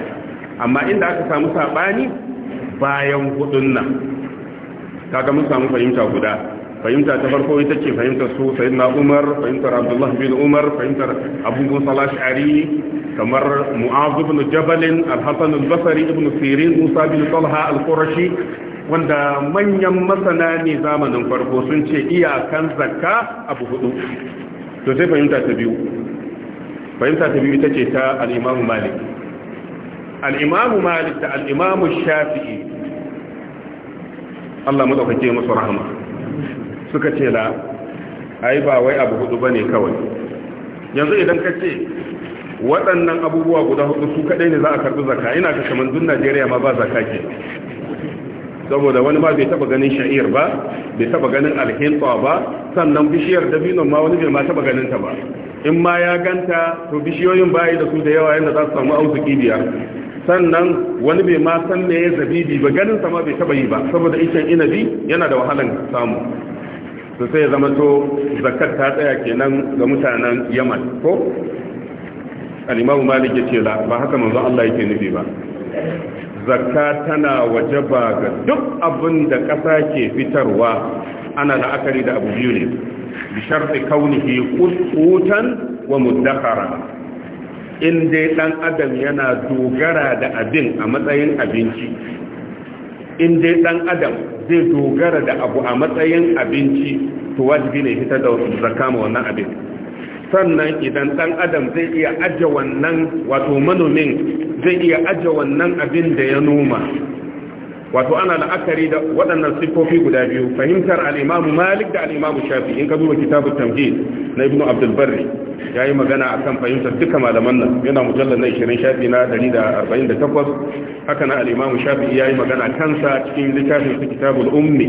amma inda aka samu saɓani, bayan hudun nan kaga mun samu fahimta guda fahimta ta farko ita ce fahimtar su sayyidina umar fahimtar abdullah bin umar fahimtar Abubuwan musa al kamar mu'az bin jabal al-hasan al ibn sirin musa bin talha al wanda manyan masana ne zamanin farko sun ce iyakan zakka abu hudu to sai fahimta ta biyu fahimta ta biyu ita ce ta al'imamu malik al'imamu malik da al'imamu shafi'i Allah madaukake musu rahama suka ce la ai ba wai abu hudu bane kawai yanzu idan ka ce waɗannan abubuwa guda hudu su kaɗai ne za a karɓi zaka ina ka kaman dun najeriya ma ba zaka ke saboda wani ba bai taba ganin sha'ir ba bai taba ganin alhinta ba sannan bishiyar dabinon ma wani bai ma taba ganin ta ba in ma ya ganta to bishiyoyin bayi da su da yawa yadda za su samu auzuki biyar sannan wani bai ma san me ya zabibi ba ganin sa ma bai taba yi ba saboda icen inabi yana da wahalan samu su sai ya zama to zakat ta tsaya kenan ga mutanen yaman ko al malik ya ce ba haka manzo Allah yake nufi ba zakka tana wajaba ga duk abin da ƙasa ke fitarwa ana la'akari da abu biyu ne bi sharti kaunihi kutan wa mudakara in dai dan adam yana dogara da abin a matsayin abinci in dai dan adam zai dogara da abu a matsayin abinci to wajibi ne fitar da zakka ma wannan abin sannan idan dan adam zai iya aje wannan wato manomin zai iya aje wannan abin da ya noma wato ana la'akari da waɗannan siffofi guda biyu fahimtar al'imamu malik da al'imamu shafi in ka duba kitabu tamhid na ibnu abdul barri ya yi magana a kan fahimtar duka malaman nan yana mujallar na 20 shafi na 148 haka na al'imamu shafi ya yi magana kansa cikin littafin su kitabul ummi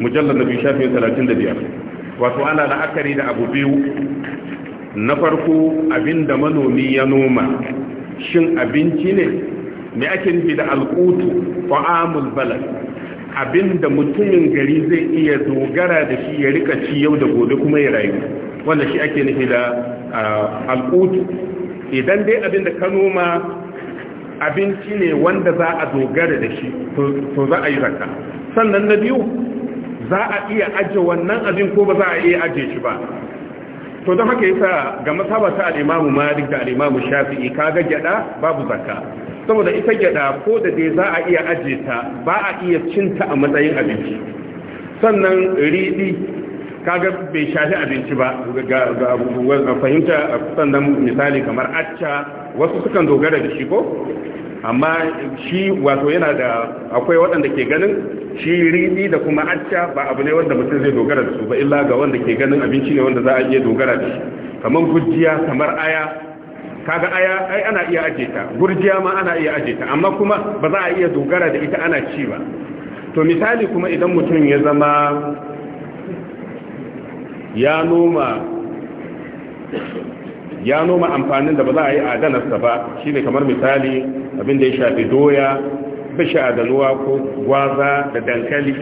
mujallar na biyu shafi 35 wato ana la'akari da abu biyu na farko abinda manomi ya noma shin abinci ne me ake nufi da alqutu amul balad abinda mutumin gari zai iya dogara da shi ya rika ci yau da gobe kuma ya rayu wannan shi ake nufi da alqutu idan dai abinda ka noma abinci ne wanda za a dogara da shi to za a yi zakka sannan na biyu za a iya aje wannan abin ko ba za a iya aje shi ba to don haka yasa ga masaba ta al-Imam Malik da al-Imam Shafi'i kaga gyada babu zakka saboda ita gyada ko da dai za a iya ajiye ta ba a iya cinta a matsayin abinci sannan riɗi kaga bai shafi abinci ba ga fahimta sannan misali kamar acca wasu sukan dogara da shi ko amma shi wato yana da akwai waɗanda ke ganin shi riɗi da kuma acca ba abu ne wanda mutum zai dogara da su ba illa ga wanda ke ganin abinci ne wanda za a iya dogara da shi kamar gujiya kamar aya kaga aya ai ana iya aje ta gurjiya ma ana iya aje ta amma kuma ba za a iya dogara da ita ana ci ba to misali kuma idan mutum ya zama ya noma ya noma amfanin da ba za a yi adanarsa ba shine kamar misali abin da ya shafi doya bishi adanuwa ko gwaza da dankali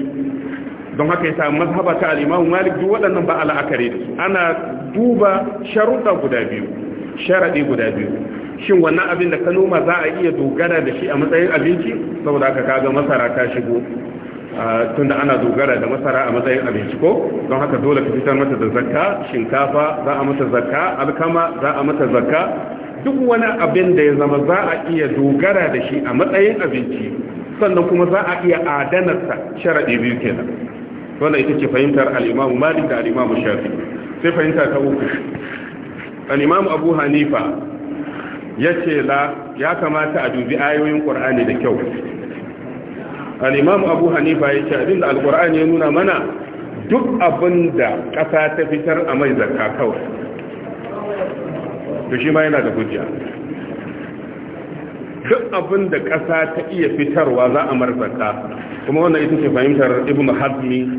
don haka ya mazhaba ta al-Imam Malik duk waɗannan ba al'akari da su ana duba sharuɗa guda biyu sharaɗi guda biyu shin wannan abin da ka noma za a iya dogara da shi a matsayin abinci saboda aka kaga masara ta shigo tunda ana dogara da masara a matsayin abinci ko don haka dole ka fitar mata da zakka shinkafa za a mata zakka alkama za a mata zakka duk wani abin da ya zama za a iya dogara da shi a matsayin abinci sannan kuma za a iya adanarsa sharaɗi biyu kenan wannan ita ce fahimtar al'imamu malik da al'imamu shafi sai fahimta ta uku al-imam abu hanifa yace la ya kamata a dubi ayoyin qur'ani da kyau al abu hanifa yace abin da al ya nuna mana duk abin da ƙasa ta fitar a mai zakka kawai to shi ma yana da hujja duk abin da ƙasa ta iya fitarwa za a marzaka kuma wannan ita ce fahimtar ibn hazmi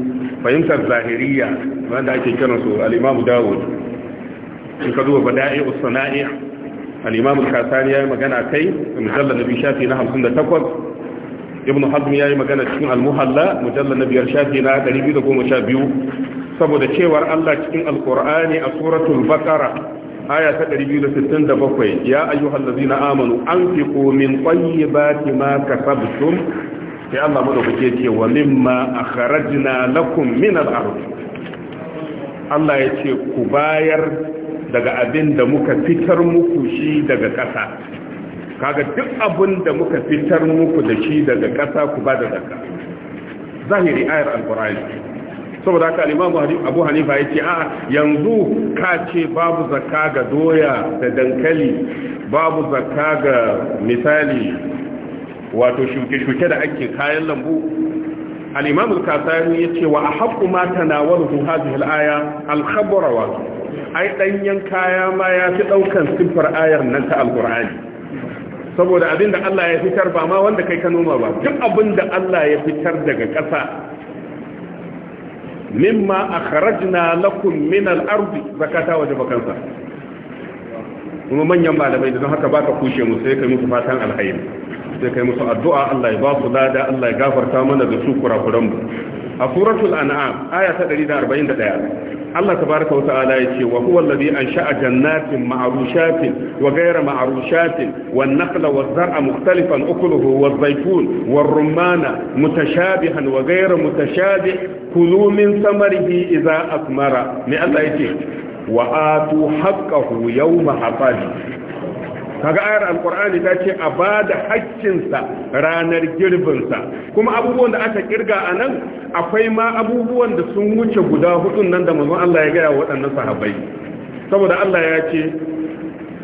fahimtar zahiriya wanda ake kiransu al dawud in ka zuwa bada'i usana'i al-imam al-kasani yayi magana kai mujallal nabi shafi na 58 ibn hazm yayi magana cikin al-muhalla mujallal nabi shafi na 212 saboda cewar Allah cikin al-qur'ani a suratul baqara aya ta 267 ya ayyuhallazina amanu anfiqu min tayyibati ma kasabtum Ya Allah madaukake ce wa mimma akhrajna lakum min al-ardh Allah ya ce ku bayar daga abin da muka fitar muku shi daga ƙasa kaga duk abin da muka fitar muku da shi daga ƙasa ku ba da zakka zahiri ayar alqur'ani saboda haka al Abu Hanifa yace a yanzu ka ce babu zaka ga doya da dankali babu zaka ga misali wato shuke-shuke da ake kayan lambu al kasari ya ce yace wa ahqqu ma tanawalu hadhihi al-aya al ai ɗanyen kaya ma ya fi ɗaukan siffar ayar nan ta alkur'ani saboda abinda da Allah ya fitar ba ma wanda kai ka noma ba duk abin da Allah ya fitar daga ƙasa mimma akhrajna lakum min al-ardi zakata wa jabakansa kuma manyan malamai da don haka baka kushe mu sai kai musu fatan alhairi sai kai musu addu'a Allah ya ba su lada Allah ya gafarta mana da su kurakuran mu a suratul an'am ayata ta 141 Allah tabaraka wa ta'ala yace wa huwa alladhi ansha'a jannatin ma'rushatin wa ghayra ma'rushatin wan nakhla waz zar'a mukhtalifan ukuluhu wa zaytun war rumana mutashabihan wa ghayra mutashabih kulu min samarihi idza asmara me Allah yace wa atu haqqahu yawma hasadi kaga ayar alkur'ani ta ce a ba da haƙƙinsa ranar girbinsa kuma abubuwan da aka kirga a nan akwai ma abubuwan da sun wuce guda hudun nan da manzon Allah ya gaya waɗannan sahabbai saboda Allah ya ce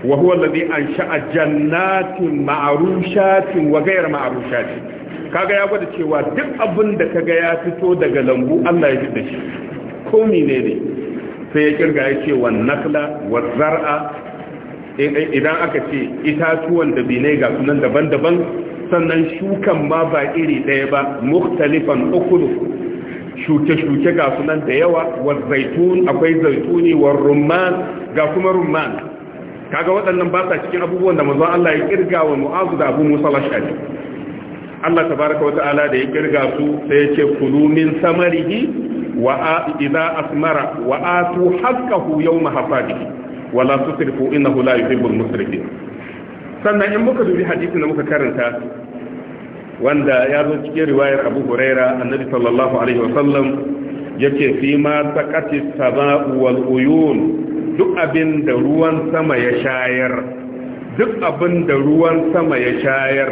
wa huwa alladhi ansha'a jannatin ma'rushatin wa ghayr ma'rushatin kaga ya gwada cewa duk abin da kaga ya fito daga lambu Allah ya fita shi ko menene sai ya kirga ya ce wa nakla wa zar'a idan aka ce itatuwan dabinai ga sunan daban-daban sannan shukan ma ba iri ɗaya ba muktalifan ukulu shuke-shuke ga sunan da yawa wa zaitun akwai zaituni wa rumman ga kuma rumman kaga waɗannan ba sa cikin abubuwan da manzon Allah ya kirga wa mu'azu da abu musa lashari Allah tabaraka wata'ala da ya kirga su sai ya ce kulu min samarihi wa idza asmara wa atu haqqahu yawma hasadihi wala tusrifu innahu la yuhibbul musrifin sannan in muka dubi hadisin da muka karanta wanda ya zo cikin riwayar Abu Huraira annabi sallallahu alaihi wa sallam yace fi ma taqati sama'u wal uyun duk abin da ruwan sama ya shayar duk abin da ruwan sama ya shayar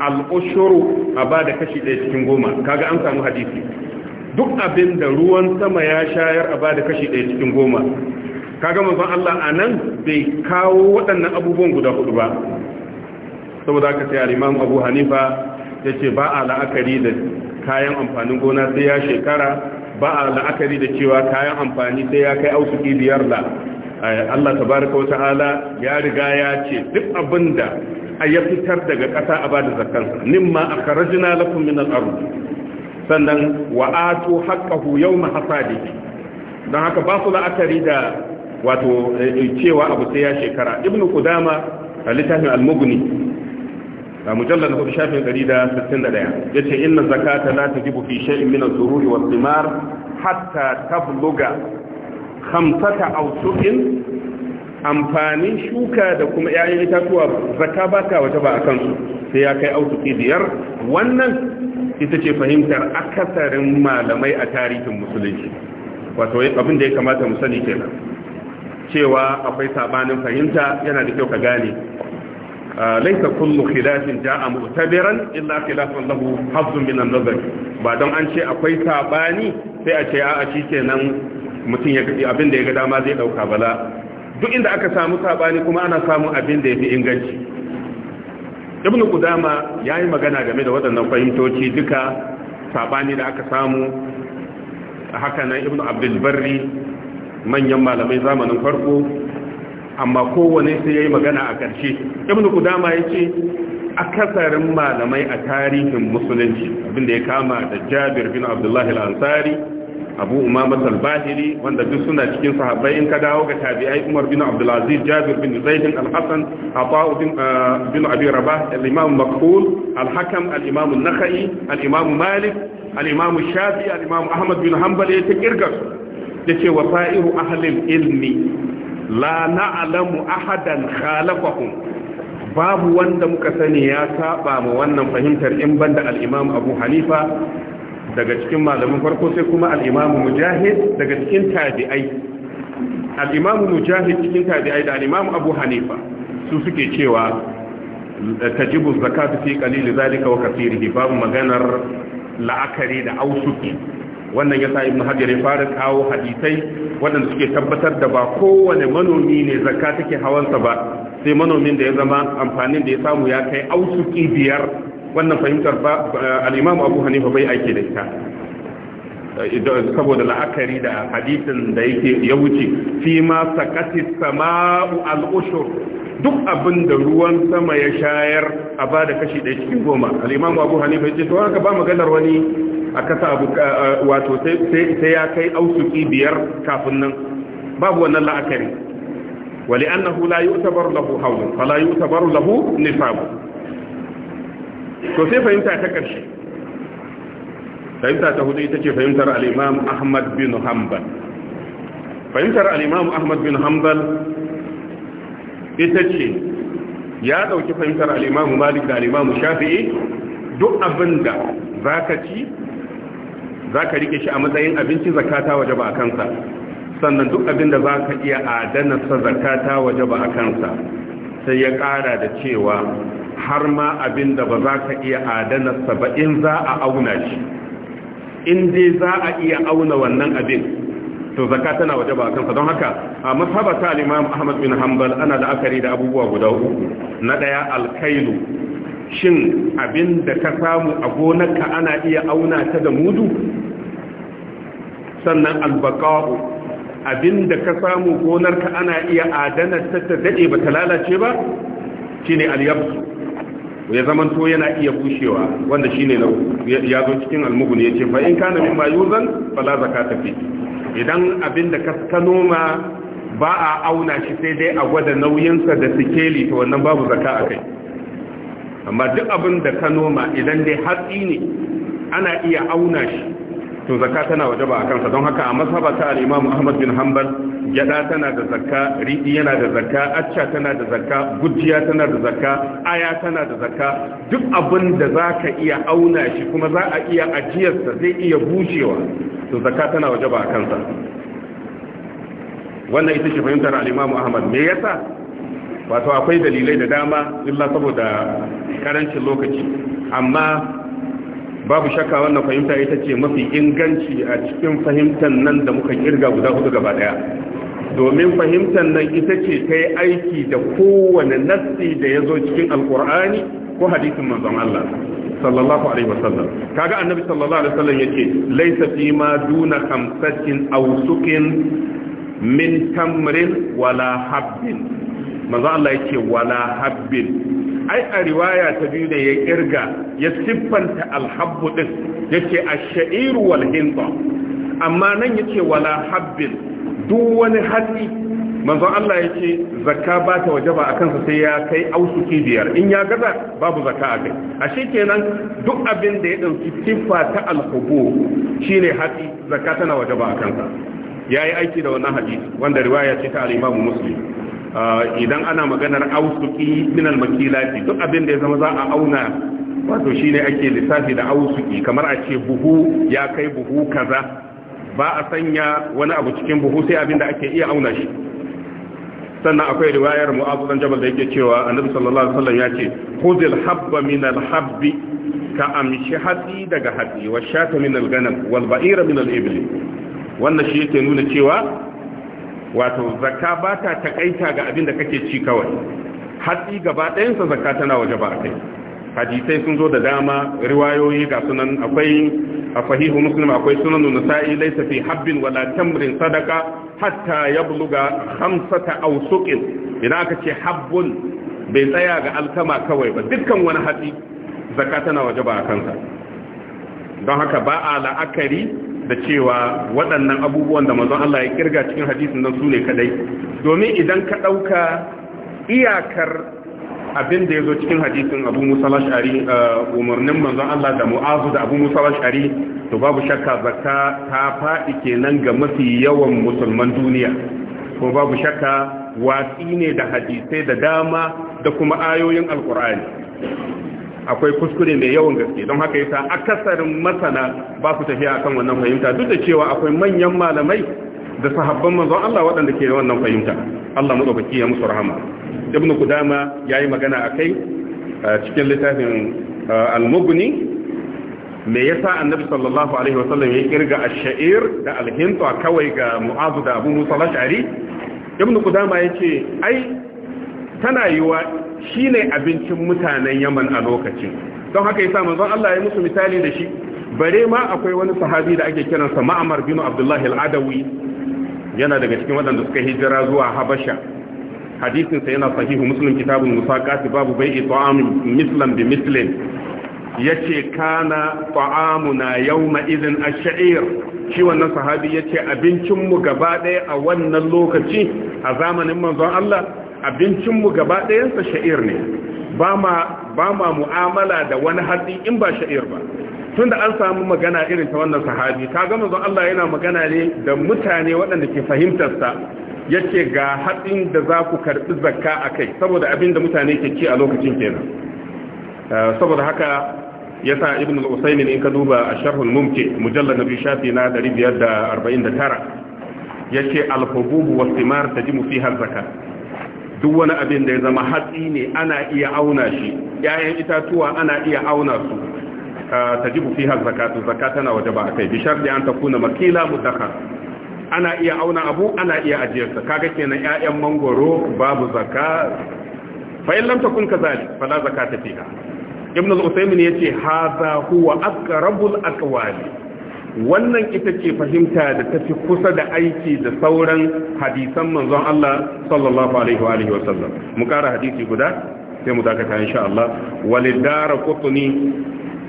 al-ushuru a ba da kashi ɗaya cikin goma kaga an samu hadisi duk abin da ruwan sama ya shayar a ba da kashi ɗaya cikin goma kaga manzon Allah anan bai kawo waɗannan abubuwan guda hudu ba saboda haka sai al-Imam Abu Hanifa yace ba a la'akari da kayan amfanin gona sai ya shekara ba a la'akari da cewa kayan amfani sai ya kai ausuki biyar la eh, Allah tabaraka wa ta'ala ya riga ya ce duk abinda ya fitar daga ƙasa a bada zakkansa nimma akhrajna lakum min al-ardh sannan wa atu haqqahu yawma hasadihi don haka ba su la'akari da wato eh, cewa abu sai ya shekara ibnu kudama a littafin al-mughni a mujallal hudu shafin 161 yace inna zakata la ta fi shay'in min az-zururi was-thimar hatta tabluga khamsata awsuqin amfanin shuka da kuma ‘ya'yan itatuwa zaka ba ta wata ba a kansu sai ya kai autuki biyar wannan ita ce fahimtar akasarin malamai a tarihin musulunci wato abin da ya kamata mu sani kenan cewa akwai sabanin fahimta yana da kyau ka gane laisa kullu khilafin ja'a mu'tabiran illa khilafun lahu hazzun min an-nazar ba don an ce akwai sabani sai a ce a'a kenan mutun ya gadi abin da ya ga dama zai dauka bala duk inda aka samu sabani kuma ana samu abin da yafi inganci ibnu qudama yayi magana game da waɗannan fahimtoci duka sabani da aka samu haka nan ibnu abdul barri manyan malamai zamanin farko amma kowane sai ya yi magana a ƙarshe ibn kudama ya ce akasarin malamai a tarihin musulunci abinda ya kama da jabir bin abdullahi al'ansari abu umama salbahiri wanda duk suna cikin sahabbai in ka dawo ga tabi'ai umar bin abdulaziz jabir bin zaidin al-hassan ata'u uh, bin abi rabah al-imam maqbul al-hakam al-imam an-nakhai al-imam malik al-imam shafi al-imam ahmad bin hanbal ya ta kirga yace wa sa'iru ahalin ilmi la na'lamu ahadan khalafahum babu wanda muka sani ya saba ma wannan fahimtar in banda Al'imam Abu Hanifa daga cikin malamin farko sai kuma al Mujahid daga cikin tabi'ai al Mujahid cikin tabi'ai da Al'imam Abu Hanifa su suke cewa ta tajibu zakatu fi qalili zalika wa kathirihi babu maganar la'akari da ausuki wannan yasa ibn hajar ya fara kawo hadisai waɗanda suke tabbatar da ba kowane manomi ne zakka take hawansa ba sai manomin da ya zama amfanin da ya samu ya kai ausuki biyar wannan fahimtar ba al-imam abu hanifa bai aike da ita saboda la'akari da hadisin da yake ya wuce fi ma sakati sama'u al-ushur duk abin da ruwan sama ya shayar a ba da kashi ɗaya cikin goma al-imam Abu Hanifa ce to ka ba maganar wani a kasa abu wato sai ya kai ausuki biyar kafin nan babu wannan la'akari wali annahu la yu'tabaru lahu hawlun fala yu'tabaru lahu nisabu to sai fahimta ta karshe fahimta ta hudu ita ce fahimtar al'imam ahmad bin hanbal fahimtar al'imam ahmad bin hanbal ita ce ya ɗauki fahimtar al'imamu malik da al'imamu shafi'i duk abin da za ka ci za ka rike shi a matsayin abinci zakata waje ba a kansa sannan duk abin da za ka iya adanarsa zakata waje ba a kansa sai ya ƙara da cewa har ma abin da ba za ka iya adanarsa ba in za a auna shi in dai za a iya auna wannan abin to zakka tana waje ba kansa don haka a masaba ta Imam Ahmad bin Hanbal ana la'akari da abubuwa guda uku na daya alkailu shin abin da ka samu a gonarka ana iya auna ta da mudu sannan albaqa'u abin da ka samu gonarka ana iya adana ta ta dade ba ta lalace ba shine alyabsu ya zamanto yana iya bushewa wanda shine na ya zo cikin almugun yace fa in kana mimma yuzan fala zakata fi idan abinda ka ka noma ba a auna shi sai dai a gwada nauyinsa da sikeli to wannan babu zakka akai amma duk abin da ka noma idan dai hatsi ne ana iya auna shi to zakka tana wajaba a kansa don haka a masaba ta al-Imam Ahmad bin Hanbal gyada tana da zakka riɗi yana da zakka acca tana da zakka gujiya tana da zakka aya tana da zakka duk abin da za ka iya auna shi kuma za a iya ajiyarsa zai iya bushewa to zakka tana waje ba a kansa wannan ita ce fahimtar al'imamu ahmad me yasa wato akwai dalilai da dama illa saboda karancin lokaci amma babu shakka wannan fahimta ita ce mafi inganci a cikin fahimtar nan da muka kirga guda hudu gaba daya domin fahimtar nan ita ce ta yi aiki da kowane nassi da ya zo cikin alkur'ani ko hadisin manzon Allah sallallahu alaihi wasallam kaga annabi sallallahu alaihi wasallam yace laysa fi ma duna khamsatin aw suqin min tamrin wala habbin manzo Allah yake wala habbin ai a riwaya ta biyu da ya kirga ya siffanta alhabbu din yake ash shairu wal hinta amma nan yake wala habbin duk wani hadi manzo Allah yake zakka ba ta wajaba akan sa sai ya kai ausuki biyar in ya gaza babu zakka a kai ashe kenan duk abin da ya dauki siffa ta alhubu shine hadi zakka tana wajaba akan sa yayi aiki da wannan hadisi wanda riwaya ce ta al-Imam Muslim idan ana maganar ausuki min al duk abin da ya zama za a auna wato shine ake lissafi da ausuki kamar a ce buhu ya kai buhu kaza ba a sanya wani abu cikin buhu sai abin da ake iya auna shi sannan akwai riwayar mu'azu dan jabal da yake cewa annabi sallallahu alaihi wasallam ya ce khudil habba min alhabbi ka amshi hatsi daga hatsi wa shata min al wal ba'ira min al-ibli wannan shi yake nuna cewa wato zakka ba ta takaita ga abin da kake ci kawai hatsi gaba ɗayansa zakka tana waje ba kai hadisai sun zo da dama riwayoyi ga sunan akwai a fahihu muslim akwai sunan nasa'i laysa fi habbin wala tamrin sadaka hatta yabluga khamsata aw suqin idan aka ce habbun bai tsaya ga alkama kawai ba dukkan wani hatsi zakka tana waje ba kansa don haka ba a la'akari da cewa waɗannan abubuwan da mazan Allah ya kirga cikin hadisun nan su ne kadai domin idan ka ɗauka iyakar abin da ya zo cikin hadisun abu musa lashari eh, umarnin mazan Allah da mu'azu da abu musa shari to babu shakka zakka ta faɗi kenan ga mafi yawan musulman duniya ko babu shakka watsi ne da hadisai da dama da kuma ayoyin alkur'ani akwai kuskure mai yawan gaske don haka yasa akasarin masana ba su tafiya akan wannan fahimta duk da cewa akwai manyan malamai da sahabban manzon Allah waɗanda ke wannan fahimta Allah mu madaukaki ya musu rahama ibnu kudama yayi magana akai cikin littafin al-mughni me yasa annabi sallallahu alaihi wasallam ya kirga ash-sha'ir da al-hinta kawai ga mu'azu da abu musa al-ash'ari ibnu kudama yace ai tana shi shine abincin mutanen Yaman a lokacin don haka yasa manzon Allah ya musu misali da shi bare ma akwai wani sahabi da ake kiransa ma'amar Bino Abdullah al-Adawi yana daga cikin waɗanda suka hijira zuwa Habasha hadisinsa yana sahihu Muslim kitabun musaqat babu bai'i ta'am mislan bi mislin yace kana ta'amuna yau maizin a shair shi wannan sahabi yace abincin mu gaba ɗaya a wannan lokaci a zamanin manzon Allah abincinmu gaba ɗayansa sha'ir ne ba ma mu'amala da wani hatsi in ba sha'ir ba tunda an samu magana irin ta wannan sahabi Ta gama zan Allah yana magana ne da mutane waɗanda ke fahimtarsa ya ce ga hatsin da za ku karɓi zakka a kai saboda abin da mutane ke ci a lokacin kenan eh, saboda haka ya sa ibn al-usaimin in ka duba a sharhun mumke mujallar na biyu shafi na 549 ya ce alhububu wasu imar ta ji mu fi har zakka duk wani abin da ya zama hatsi ne ana iya auna shi ‘ya'yan itatuwa ana iya auna su ta ji bufi har zakatu zakata na waje ba a kai bishar da an kuna makila mutaka ana iya auna abu ana iya ajiyarsa kaga kenan ‘ya'yan mangoro babu zaka fa'in lamta kun ka zali fala zakata fiha ibn al-usaimin ya ce haza huwa aqrabul aqwali wannan ita ce fahimta da ta fi kusa da aiki da sauran hadisan manzon Allah sallallahu alaihi wa alihi wasallam mu kara hadisi guda sai mu dakata insha Allah walidara qutni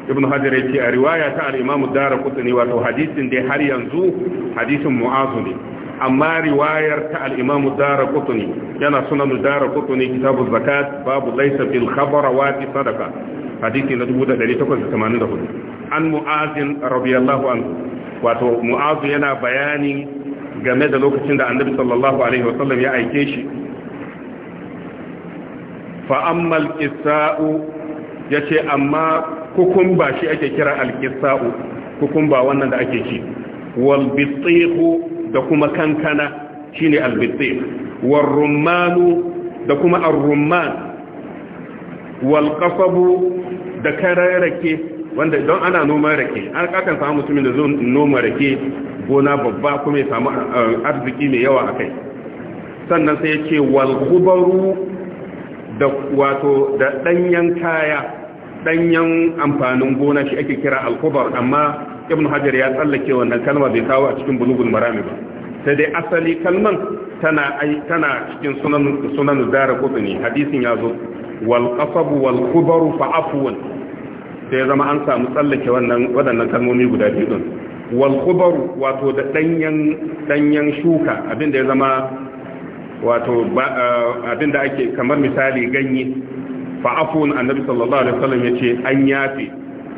ibn hajar yake a riwaya ta al-imam dara qutni wato hadisin da har yanzu hadisin mu'azu ne amma riwayar ta al-imam dara qutni yana sunan dara qutni kitabu zakat babu laysa bil khabara wa sadaqa hadisi na 1884 an mu'azin radiyallahu anhu wato mu'azu yana bayani game da lokacin da annabi sallallahu alaihi wasallam ya aike shi fa amma al-qissa'u yace amma kukumba shi ake kira al-qissa'u kukumba wannan da ake ci wal bitihu da kuma kankana shine al-bitih wal rummanu da kuma ar-rumman wal qasabu da karar wanda don ana noma rake an kakan samu mutumin da zo noma rake gona babba kuma ya samu eh, arziki mai yawa a kai sannan sai ya ce wal da wato da danyen kaya ɗanyen amfanin gona shi ake kira al amma ibn hajar ya tsallake wannan kalma bai kawo a cikin bulugul marami ba sai dai asali kalman tana cikin sunan sunan zara kutuni hadisin ya zo wal qasabu wal kubaru fa afwan sai zama an samu tsallake wannan wadannan kalmomi guda biyu din wal kubaru wato da danyen shuka abinda ya zama wato eh, abinda ake kamar misali ganye fa afwan annabi sallallahu alaihi wasallam ce an yafi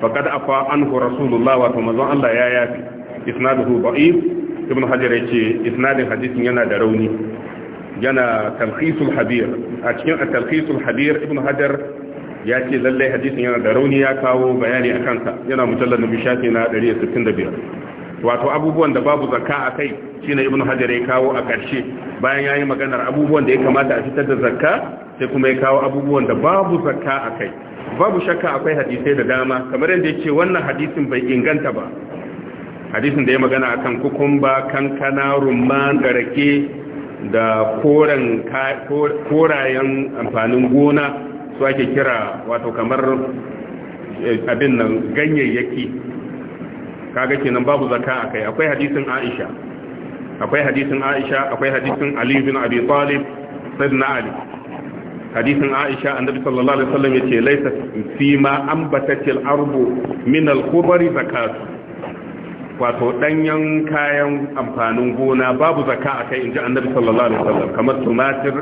faqad afa anhu rasulullah wato mazan Allah ya yafi isnaduhu da'if ibn hajar yace isnadin hadisin yana da rauni yana talqisul habir a cikin talqisul habir ibn hadar ya ce lallai hadisin yana da rauni ya kawo bayani a kansa yana mujallar na bishafi na 165 wato abubuwan da babu zakka a kai shi ne ibn hadar ya kawo a ƙarshe bayan ya yi maganar abubuwan da ya kamata a fitar da zakka sai kuma ya kawo abubuwan da babu zakka a kai babu shakka akwai hadisai da dama kamar yadda ya ce wannan hadisin bai inganta ba hadisin da ya magana akan kukumba kankana rumman da rake da koren korayen amfanin gona su ake kira wato kamar eh, abin nan ganyayyaki kaga kenan babu zakka akai akwai hadisin Aisha akwai hadisin Aisha akwai hadisin Ali ibn Abi Talib sayyidina Ali hadisin Aisha annabi sallallahu alaihi wasallam yace laysa fi ma ambatatil ardu min al-khubari zakatu wato danyen kayan amfanin gona babu zakka akai inji annabi sallallahu alaihi wasallam kamar tumatir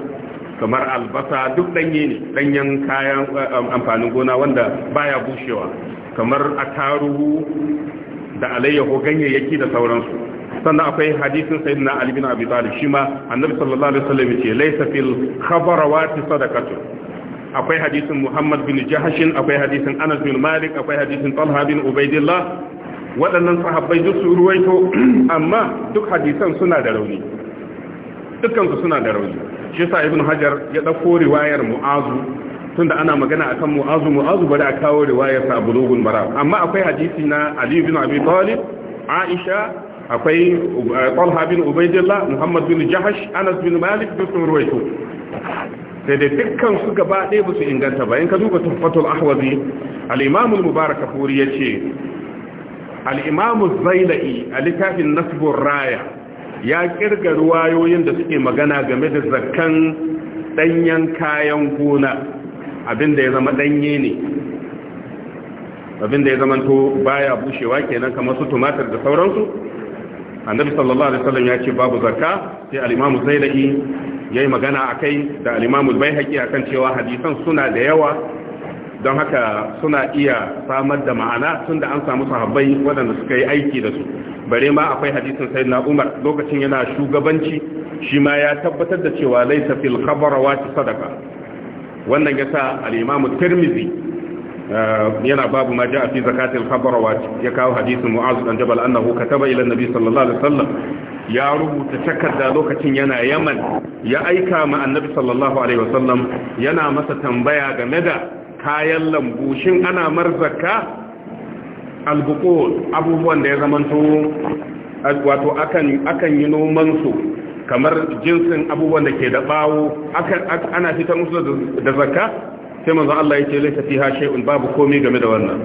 kamar albasa duk danye ne danyen kayan eh, amfanin gona wanda baya bushewa kamar ataruhu da alayyahu ganyayyaki da sauransu sannan akwai hadisin sayyidina ali bin abi talib shi ma annabi sallallahu alaihi wasallam yace laysa fil khabarawati sadaqatu akwai hadisin muhammad bin jahashin akwai hadisin anas bin malik akwai hadisin talha bin ubaidillah waɗannan sahabbai duk su ruwaito amma duk hadisan suna da rauni dukkansu suna da rauni shi sa ibn hajar ya ɗauko riwayar mu'azu tunda ana magana a akan mu'azu mu'azu bari a kawo riwayar sa bulugun bara amma akwai hadisi na ali bin abi talib aisha akwai eh, talha bin ubaidillah muhammad bin jahash anas bin malik duk sun ruwaito sai da dukkan su gaba ɗaya ba su inganta ba in ka duba tuhfatul ahwazi al-imam al-mubarak furi yace al'imamu zaila'i a littafin nasibin raya ya kirga ruwayoyin da suke magana game da zakan danyen kayan gona abinda ya zama danye ne abinda ya zama to baya bushewa kenan kamar su tumatir da sauransu annabi sallallahu alaihi wasallam ya ce babu zakka sai al-imamu zaila'i yayi magana akai da al-imamu baihaqi akan cewa hadisan suna da yawa don haka suna iya samar da ma'ana tun da an samu sahabbai waɗanda suka yi aiki da su bare ma akwai hadisin na Umar lokacin yana shugabanci shi ma ya tabbatar da cewa laysa fil khabarawati sadaqa wannan yasa al-Imam Tirmidhi uh, yana babu ma ja'a fi zakatil khabarawati ya kawo hadisin Mu'adh dan Jabal annahu kataba ila an-nabi sallallahu alaihi wasallam ya rubuta takarda lokacin yana Yaman ya aika ma annabi sallallahu alaihi wasallam yana masa tambaya game da kayan lambu shin ana marzaka albukul abubuwan da ya zamanto wato akan akan yi noman su kamar jinsin abubuwan da ke da bawo akan ana fitar musu da zakka sai manzo Allah yake laita fiha shay'un babu komai game da wannan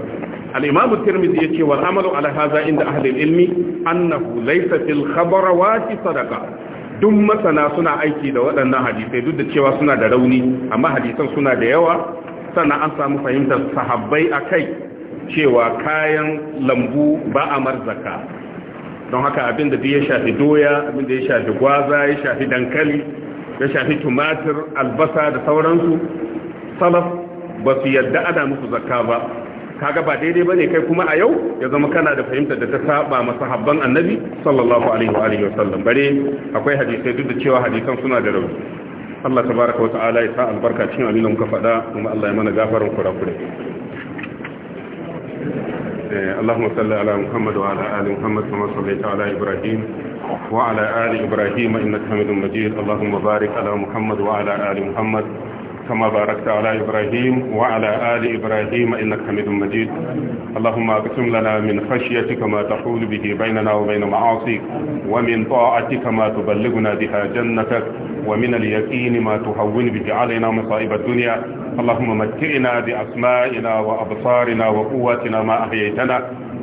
al-imam at-tirmidhi yace wal amalu ala hadha inda ahli al-ilmi annahu laysa fil khabarawati sadaqa duk masana suna aiki da waɗannan hadisai duk da cewa suna da rauni amma hadisan suna da yawa sannan an samu fahimtar sahabbai a kai cewa kayan lambu ba a marzaka don haka abin da ya shafi doya abin da ya shafi gwaza ya shafi dankali ya shafi tumatir albasa da sauransu salaf ba su yadda ana musu zakka ba kaga ba daidai ba ne kai kuma a yau ya zama kana da fahimtar da ta saba habban annabi sallallahu alaihi wa sallam bare akwai hadisai duk da cewa hadisan suna da rauni Allah ta baraka wa ta'ala ya sa albarka cikin abin da muka faɗa kuma Allah ya mana gafarin kurakure. Eh, Allahumma salli ala Muhammad wa ala ali كما باركت على إبراهيم وعلى آل إبراهيم إنك حميد مجيد اللهم اقسم لنا من خشيتك ما تحول به بيننا وبين معاصيك ومن طاعتك ما تبلغنا بها جنتك ومن اليقين ما تهون به علينا مصائب الدنيا اللهم متئنا بأسمائنا وأبصارنا وقواتنا ما أحييتنا